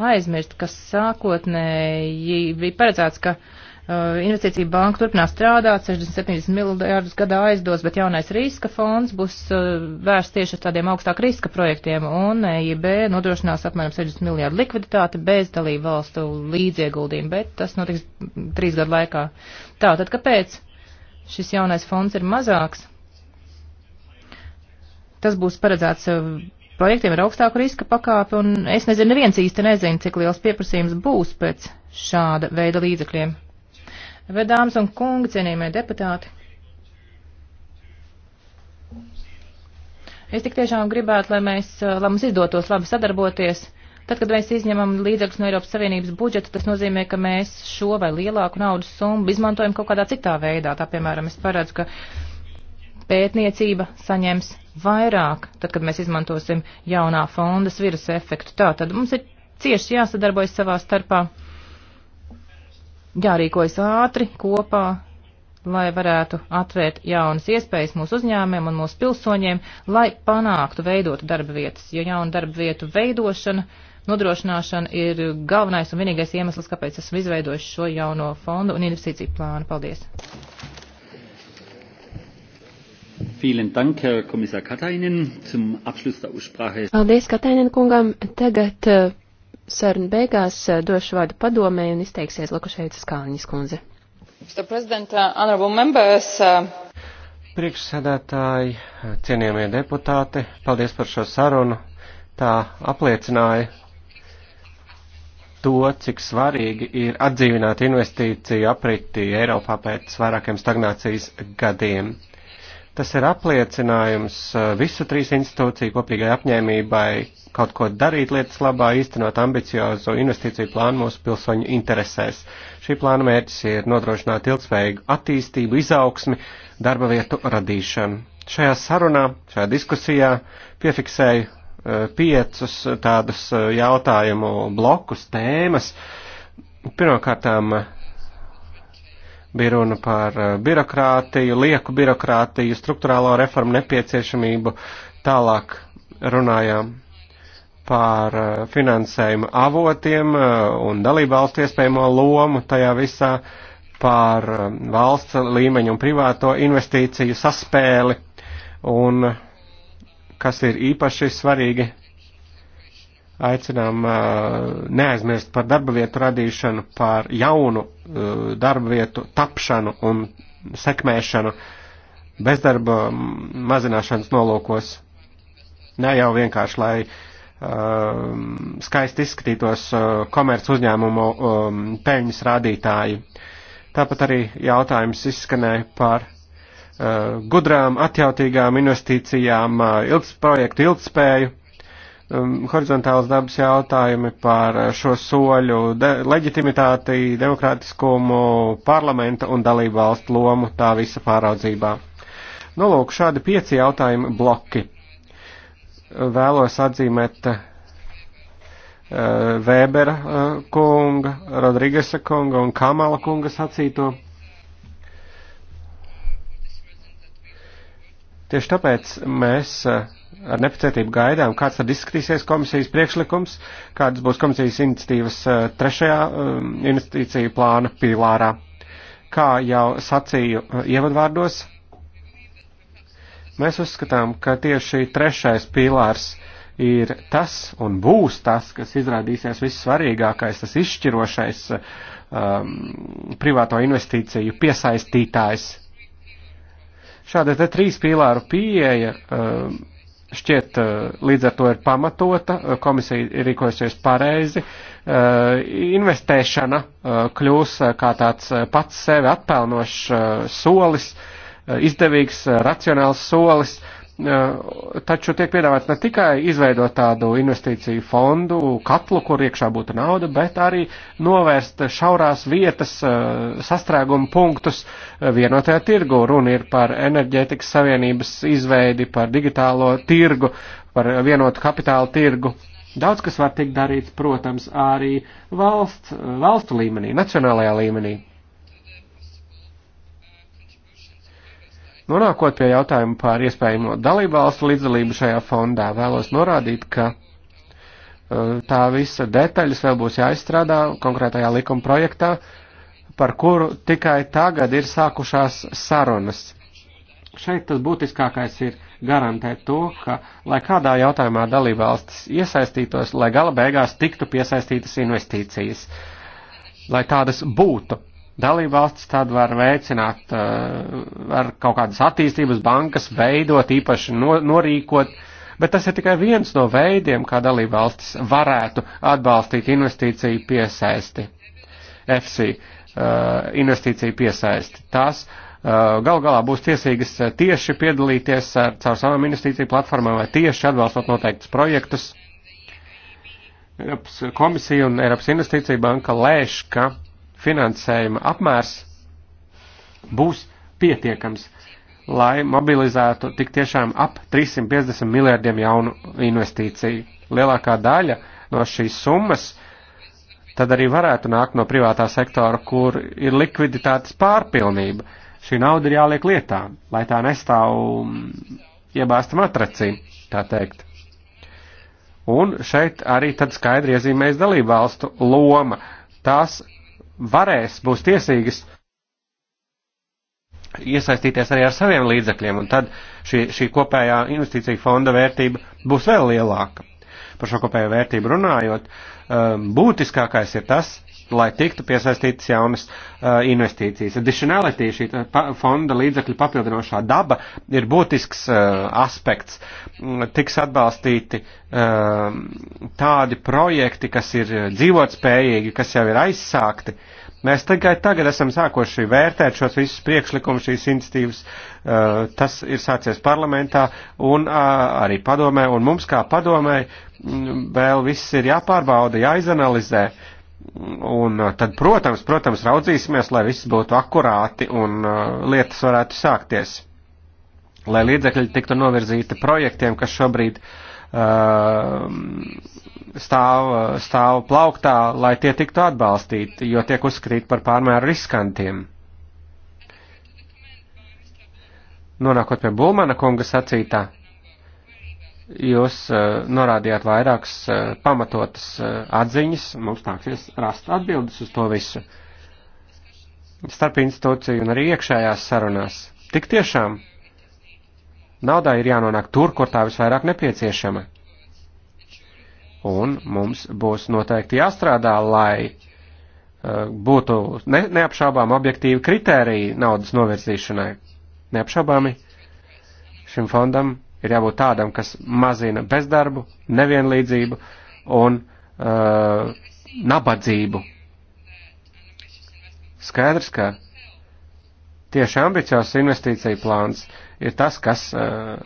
aizmirst, ka sākotnēji bija paredzēts, ka uh, investīcija banka turpinās strādāt, 60-70 miljardus gadā aizdos, bet jaunais riska fonds būs uh, vērsts tieši uz tādiem augstāk riska projektiem, un EIB nodrošinās apmēram 60 miljardu likviditāti bez dalību valstu līdzieguldījumu, bet tas notiks trīs gadu laikā. Tā, tad kāpēc šis jaunais fonds ir mazāks? Tas būs paredzēts uh, projektiem ar augstāku riska pakāpi, un es nezinu, neviens īsti nezinu, cik liels pieprasījums būs pēc šāda veida līdzekļiem. Bet, dāmas un kungi, cienījamie deputāti, es tik tiešām gribētu, lai, mēs, lai mums izdotos labi sadarboties. Tad, kad mēs izņemam līdzekļus no Eiropas Savienības budžeta, tas nozīmē, ka mēs šo vai lielāku naudas summu izmantojam kaut kādā citā veidā. Tā, piemēram, es paredzu, ka pētniecība saņems vairāk, tad, kad mēs izmantosim jaunā fonda virusa efektu. Tā tad mums ir cieši jāsadarbojas savā starpā, jārīkojas ātri kopā, lai varētu atvērt jaunas iespējas mūsu uzņēmiem un mūsu pilsoņiem, lai panāktu veidotu darba vietas, jo jaunu darba vietu veidošana, nodrošināšana ir galvenais un vienīgais iemesls, kāpēc esmu izveidojis šo jauno fondu un investīciju plānu. Paldies! Dank, Katainen, Paldies Katainen kungam. Tagad eh, sarunu beigās eh, došu vārdu padomē un izteiksies Lukašēvicas Kalniņas kundze. Eh, Priekšsēdētāji, cienījamie deputāti, paldies par šo sarunu. Tā apliecināja to, cik svarīgi ir atdzīvināt investīciju apriti Eiropā pēc vairākiem stagnācijas gadiem. Tas ir apliecinājums eh, visu trīs institūciju kopīgai apņēmībai kaut ko darīt lietas labā, īstenot ambiciozo investīciju plānu mūsu pilsoņu interesēs. Šī plāna mērķis ir nodrošināt ilgspējīgu attīstību, izaugsmi, darba vietu radīšanu. Šajā sarunā, šajā diskusijā piefiksēju eh, piecus tādus eh, jautājumu blokus, tēmas. Pirmkārtām Bija runa par eh, birokrātiju, lieku birokrātiju, struktūrālo reformu nepieciešamību. Tālāk runājām par eh, finansējuma avotiem eh, un dalībvalstu iespējamo lomu tajā visā, par valsts līmeņu un privāto investīciju saspēli un, kas ir īpaši svarīgi, aicinām neaizmirst par darba vietu radīšanu, par jaunu darba vietu tapšanu un sekmēšanu bezdarba mazināšanas nolūkos. Ne jau vienkārši, lai uh, skaisti izskatītos uh, komerc uzņēmumu um, peļņas rādītāji. Tāpat arī jautājums izskanēja par uh, gudrām, atjautīgām investīcijām, uh, ilgs projektu ilgspēju. Uh, um, horizontāls dabas jautājumi par šo soļu de leģitimitāti, demokrātiskumu, parlamenta un dalību valstu lomu tā visa pāraudzībā. Nu, lūk, šādi pieci jautājumi bloki. Vēlos atzīmēt uh, Vēbera uh, kunga, Rodrigesa kunga un Kamala kunga sacīto. Tieši tāpēc mēs uh, ar nepacietību gaidām, kāds tad izskatīsies komisijas priekšlikums, kādas būs komisijas iniciatīvas eh, trešajā um, investīciju plāna pīlārā. Kā jau sacīju eh, ievadvārdos, mēs uzskatām, ka tieši trešais pīlārs ir tas un būs tas, kas izrādīsies vissvarīgākais, tas izšķirošais um, privāto investīciju piesaistītājs. Šāda te trīs pīlāru pieeja um, šķiet eh, līdz ar to ir pamatota, eh, komisija rīkojasies pareizi, eh, investēšana kļūs kā tāds pats sevi atpelnošs solis, izdevīgs, racionāls solis, Eh, taču tiek piedāvāts ne tikai izveidot tādu investīciju fondu, katlu, kur iekšā būtu nauda, bet arī novērst šaurās vietas eh, sastrēguma punktus eh, vienotajā tirgu. Runa ir par enerģētikas savienības izveidi, par digitālo tirgu, par vienotu kapitālu tirgu. Daudz kas var tikt darīts, protams, arī valsts, valstu līmenī, nacionālajā līmenī. Nonākot pie jautājuma par iespējamo dalībvalstu līdzdalību šajā fondā, vēlos norādīt, ka uh, tā visa detaļas vēl būs jāizstrādā konkrētajā likuma projektā, par kuru tikai tagad ir sākušās sarunas. Šeit tas būtiskākais ir garantēt to, ka, lai kādā jautājumā dalībvalstis iesaistītos, lai gala beigās tiktu piesaistītas investīcijas, lai tādas būtu Dalībvalstis tad var veicināt, eh, var kaut kādas attīstības bankas veidot, īpaši norīkot, bet tas ir tikai viens no veidiem, kā dalībvalstis varētu atbalstīt investīciju piesaisti. FC eh, investīciju piesaisti. Tās eh, gal galā būs tiesīgas tieši piedalīties ar, caur savām investīciju platformām vai tieši atbalstot noteiktus projektus. Eiropas komisija un Eiropas investīcija banka lēš, ka finansējuma apmērs būs pietiekams, lai mobilizētu tik tiešām ap 350 miljardiem jaunu investīciju. Lielākā daļa no šīs summas tad arī varētu nākt no privātā sektora, kur ir likviditātes pārpilnība. Šī nauda ir jāliek lietā, lai tā nestāv mm, iebāzta matracī, tā teikt. Un šeit arī tad skaidri iezīmējas dalībvalstu loma. Tās varēs, būs tiesīgas iesaistīties arī ar saviem līdzekļiem, un tad šī, šī kopējā investīcija fonda vērtība būs vēl lielāka. Par šo kopējo vērtību runājot, um, būtiskākais ir tas, lai tiktu piesaistītas jaunas uh, investīcijas. Additionality, šī pa, fonda līdzekļu papildinošā daba ir būtisks uh, aspekts. Mm, tiks atbalstīti uh, tādi projekti, kas ir dzīvotspējīgi, kas jau ir aizsākti. Mēs tikai tagad esam sākoši vērtēt šos visus priekšlikumus, šīs institīvas. Uh, tas ir sācies parlamentā un uh, arī padomē, un mums kā padomē mm, vēl viss ir jāpārbauda, jāizanalizē. Uh, Un uh, tad, protams, protams, raudzīsimies, lai viss būtu akurāti un uh, lietas varētu sākties. Lai līdzekļi tiktu novirzīti projektiem, kas šobrīd uh, stāv, stāv plauktā, lai tie tiktu atbalstīti, jo tiek uzskatīti par pārmēru riskantiem. Nonākot pie Bulmana kunga sacītā, uh, jūs uh, norādījāt vairākas uh, pamatotas uh, atziņas, mums nāksies rast atbildes uz to visu. Starp institūciju un arī iekšējās sarunās. Tik tiešām naudai ir jānonāk tur, kur tā visvairāk nepieciešama. Un mums būs noteikti jāstrādā, lai būtu ne, neapšaubām objektīvi kritēriji naudas novirzīšanai. Neapšaubāmi šim fondam ir jābūt tādam, kas mazina bezdarbu, nevienlīdzību un uh, nabadzību. Skaidrs, ka tieši ambiciozs investīcija plāns ir tas, kas uh,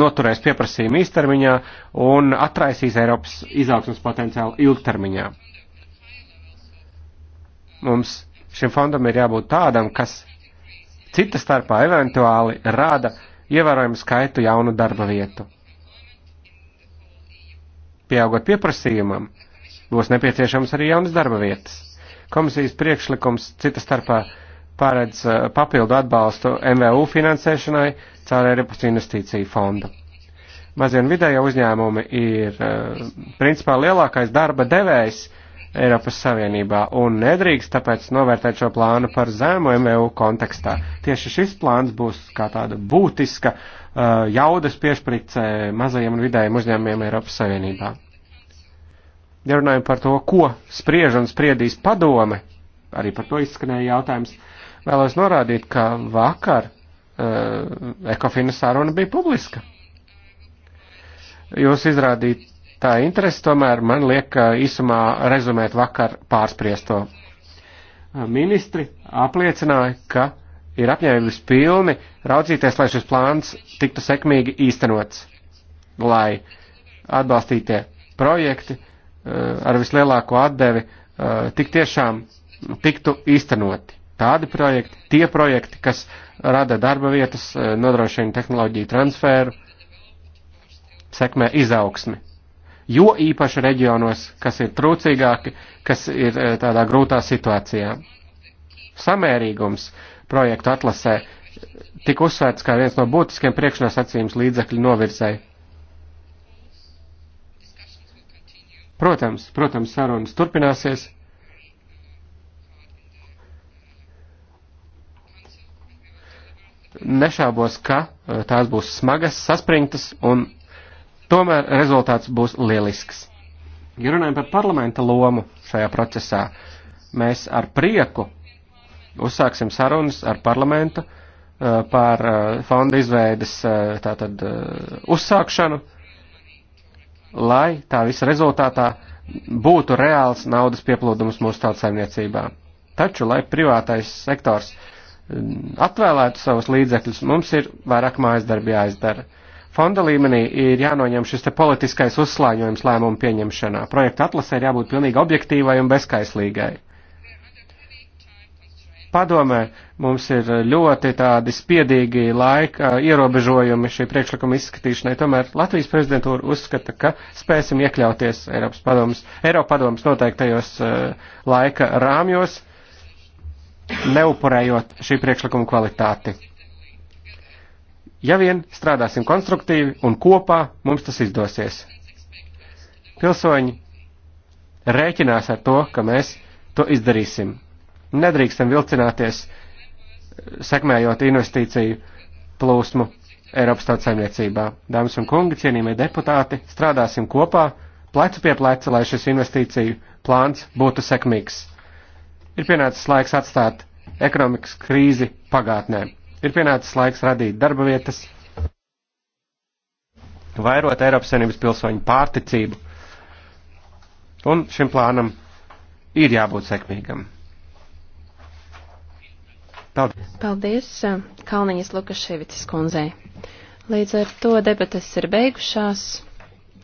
noturēs pieprasījumu īstermiņā un atraisīs Eiropas izaugsmas potenciālu ilgtermiņā. Mums šim fondam ir jābūt tādam, kas cita starpā eventuāli rāda uh, ievērojumu skaitu jaunu darba vietu. Pieaugot pieprasījumam, būs nepieciešams arī jaunas darba vietas. Komisijas priekšlikums cita starpā pārēdz eh, papildu atbalstu MVU finansēšanai caur Eiropas investīciju fondu. Mazie un vidējo uzņēmumi ir eh, principā lielākais darba devējs Eiropas Savienībā un nedrīkst tāpēc novērtēt šo plānu par zēmu MVU kontekstā. Tieši šis plāns būs kā tāda būtiska uh, jaudas piešpricē mazajiem un vidējiem uzņēmumiem Eiropas Savienībā. Ja runājam par to, ko spriež un spriedīs padome, arī par to izskanēja jautājums, vēlos norādīt, ka vakar uh, ekofina saruna bija publiska. Jūs izrādīt tā interese tomēr man liek īsumā rezumēt vakar pārspriesto. Ministri apliecināja, ka ir apņēmības pilni raudzīties, lai šis plāns tiktu sekmīgi īstenots, lai atbalstītie projekti eh, ar vislielāko atdevi eh, tik tiešām tiktu īstenoti. Tādi projekti, tie projekti, kas rada darba vietas, eh, nodrošina tehnoloģiju transferu, sekmē izaugsmi jo īpaši reģionos, kas ir trūcīgāki, kas ir eh, tādā grūtā situācijā. Samērīgums projektu atlasē tika uzsvērts kā viens no būtiskiem priekšnosacījums līdzekļu novirzai. Protams, protams, sarunas turpināsies. Nešābos, ka eh, tās būs smagas, saspringtas un Tomēr rezultāts būs lielisks. Ja runājam par parlamenta lomu šajā procesā, mēs ar prieku uzsāksim sarunas ar parlamentu eh, par eh, fonda izveidas eh, tātad uzsākšanu, lai tā visa rezultātā būtu reāls naudas pieplūdums mūsu tautsaimniecībā. Taču, lai privātais sektors atvēlētu savus līdzekļus, mums ir vairāk mājas darbi jāizdara. Fonda līmenī ir jānoņem šis te politiskais uzslāņojums lēmumu pieņemšanā. Projekta atlasē ir jābūt pilnīgi objektīvai un bezkaislīgai. Padomē, mums ir ļoti tādi spiedīgi laika ierobežojumi šī priekšlikuma izskatīšanai. Tomēr Latvijas prezidentūra uzskata, ka spēsim iekļauties Eiropas padomas, Eiropa padomas noteiktajos e, laika rāmjos, neupurējot šī priekšlikuma kvalitāti ja vien strādāsim konstruktīvi un kopā, mums tas izdosies. Pilsoņi rēķinās ar to, ka mēs to izdarīsim. Nedrīkstam vilcināties, sekmējot investīciju plūsmu Eiropas tautsēmniecībā. Dāmas un kungi, cienījamie deputāti, strādāsim kopā, plecu pie pleca, lai šis investīciju plāns būtu sekmīgs. Ir pienācis laiks atstāt ekonomikas krīzi pagātnēm Ir pienācis laiks radīt darba vietas, vairot Eiropas Savienības pilsoņu pārticību, un šim plānam ir jābūt sekmīgam. Paldies! Paldies Kalniņas Lukaševicis kundzei! Līdz ar to debatas ir beigušās.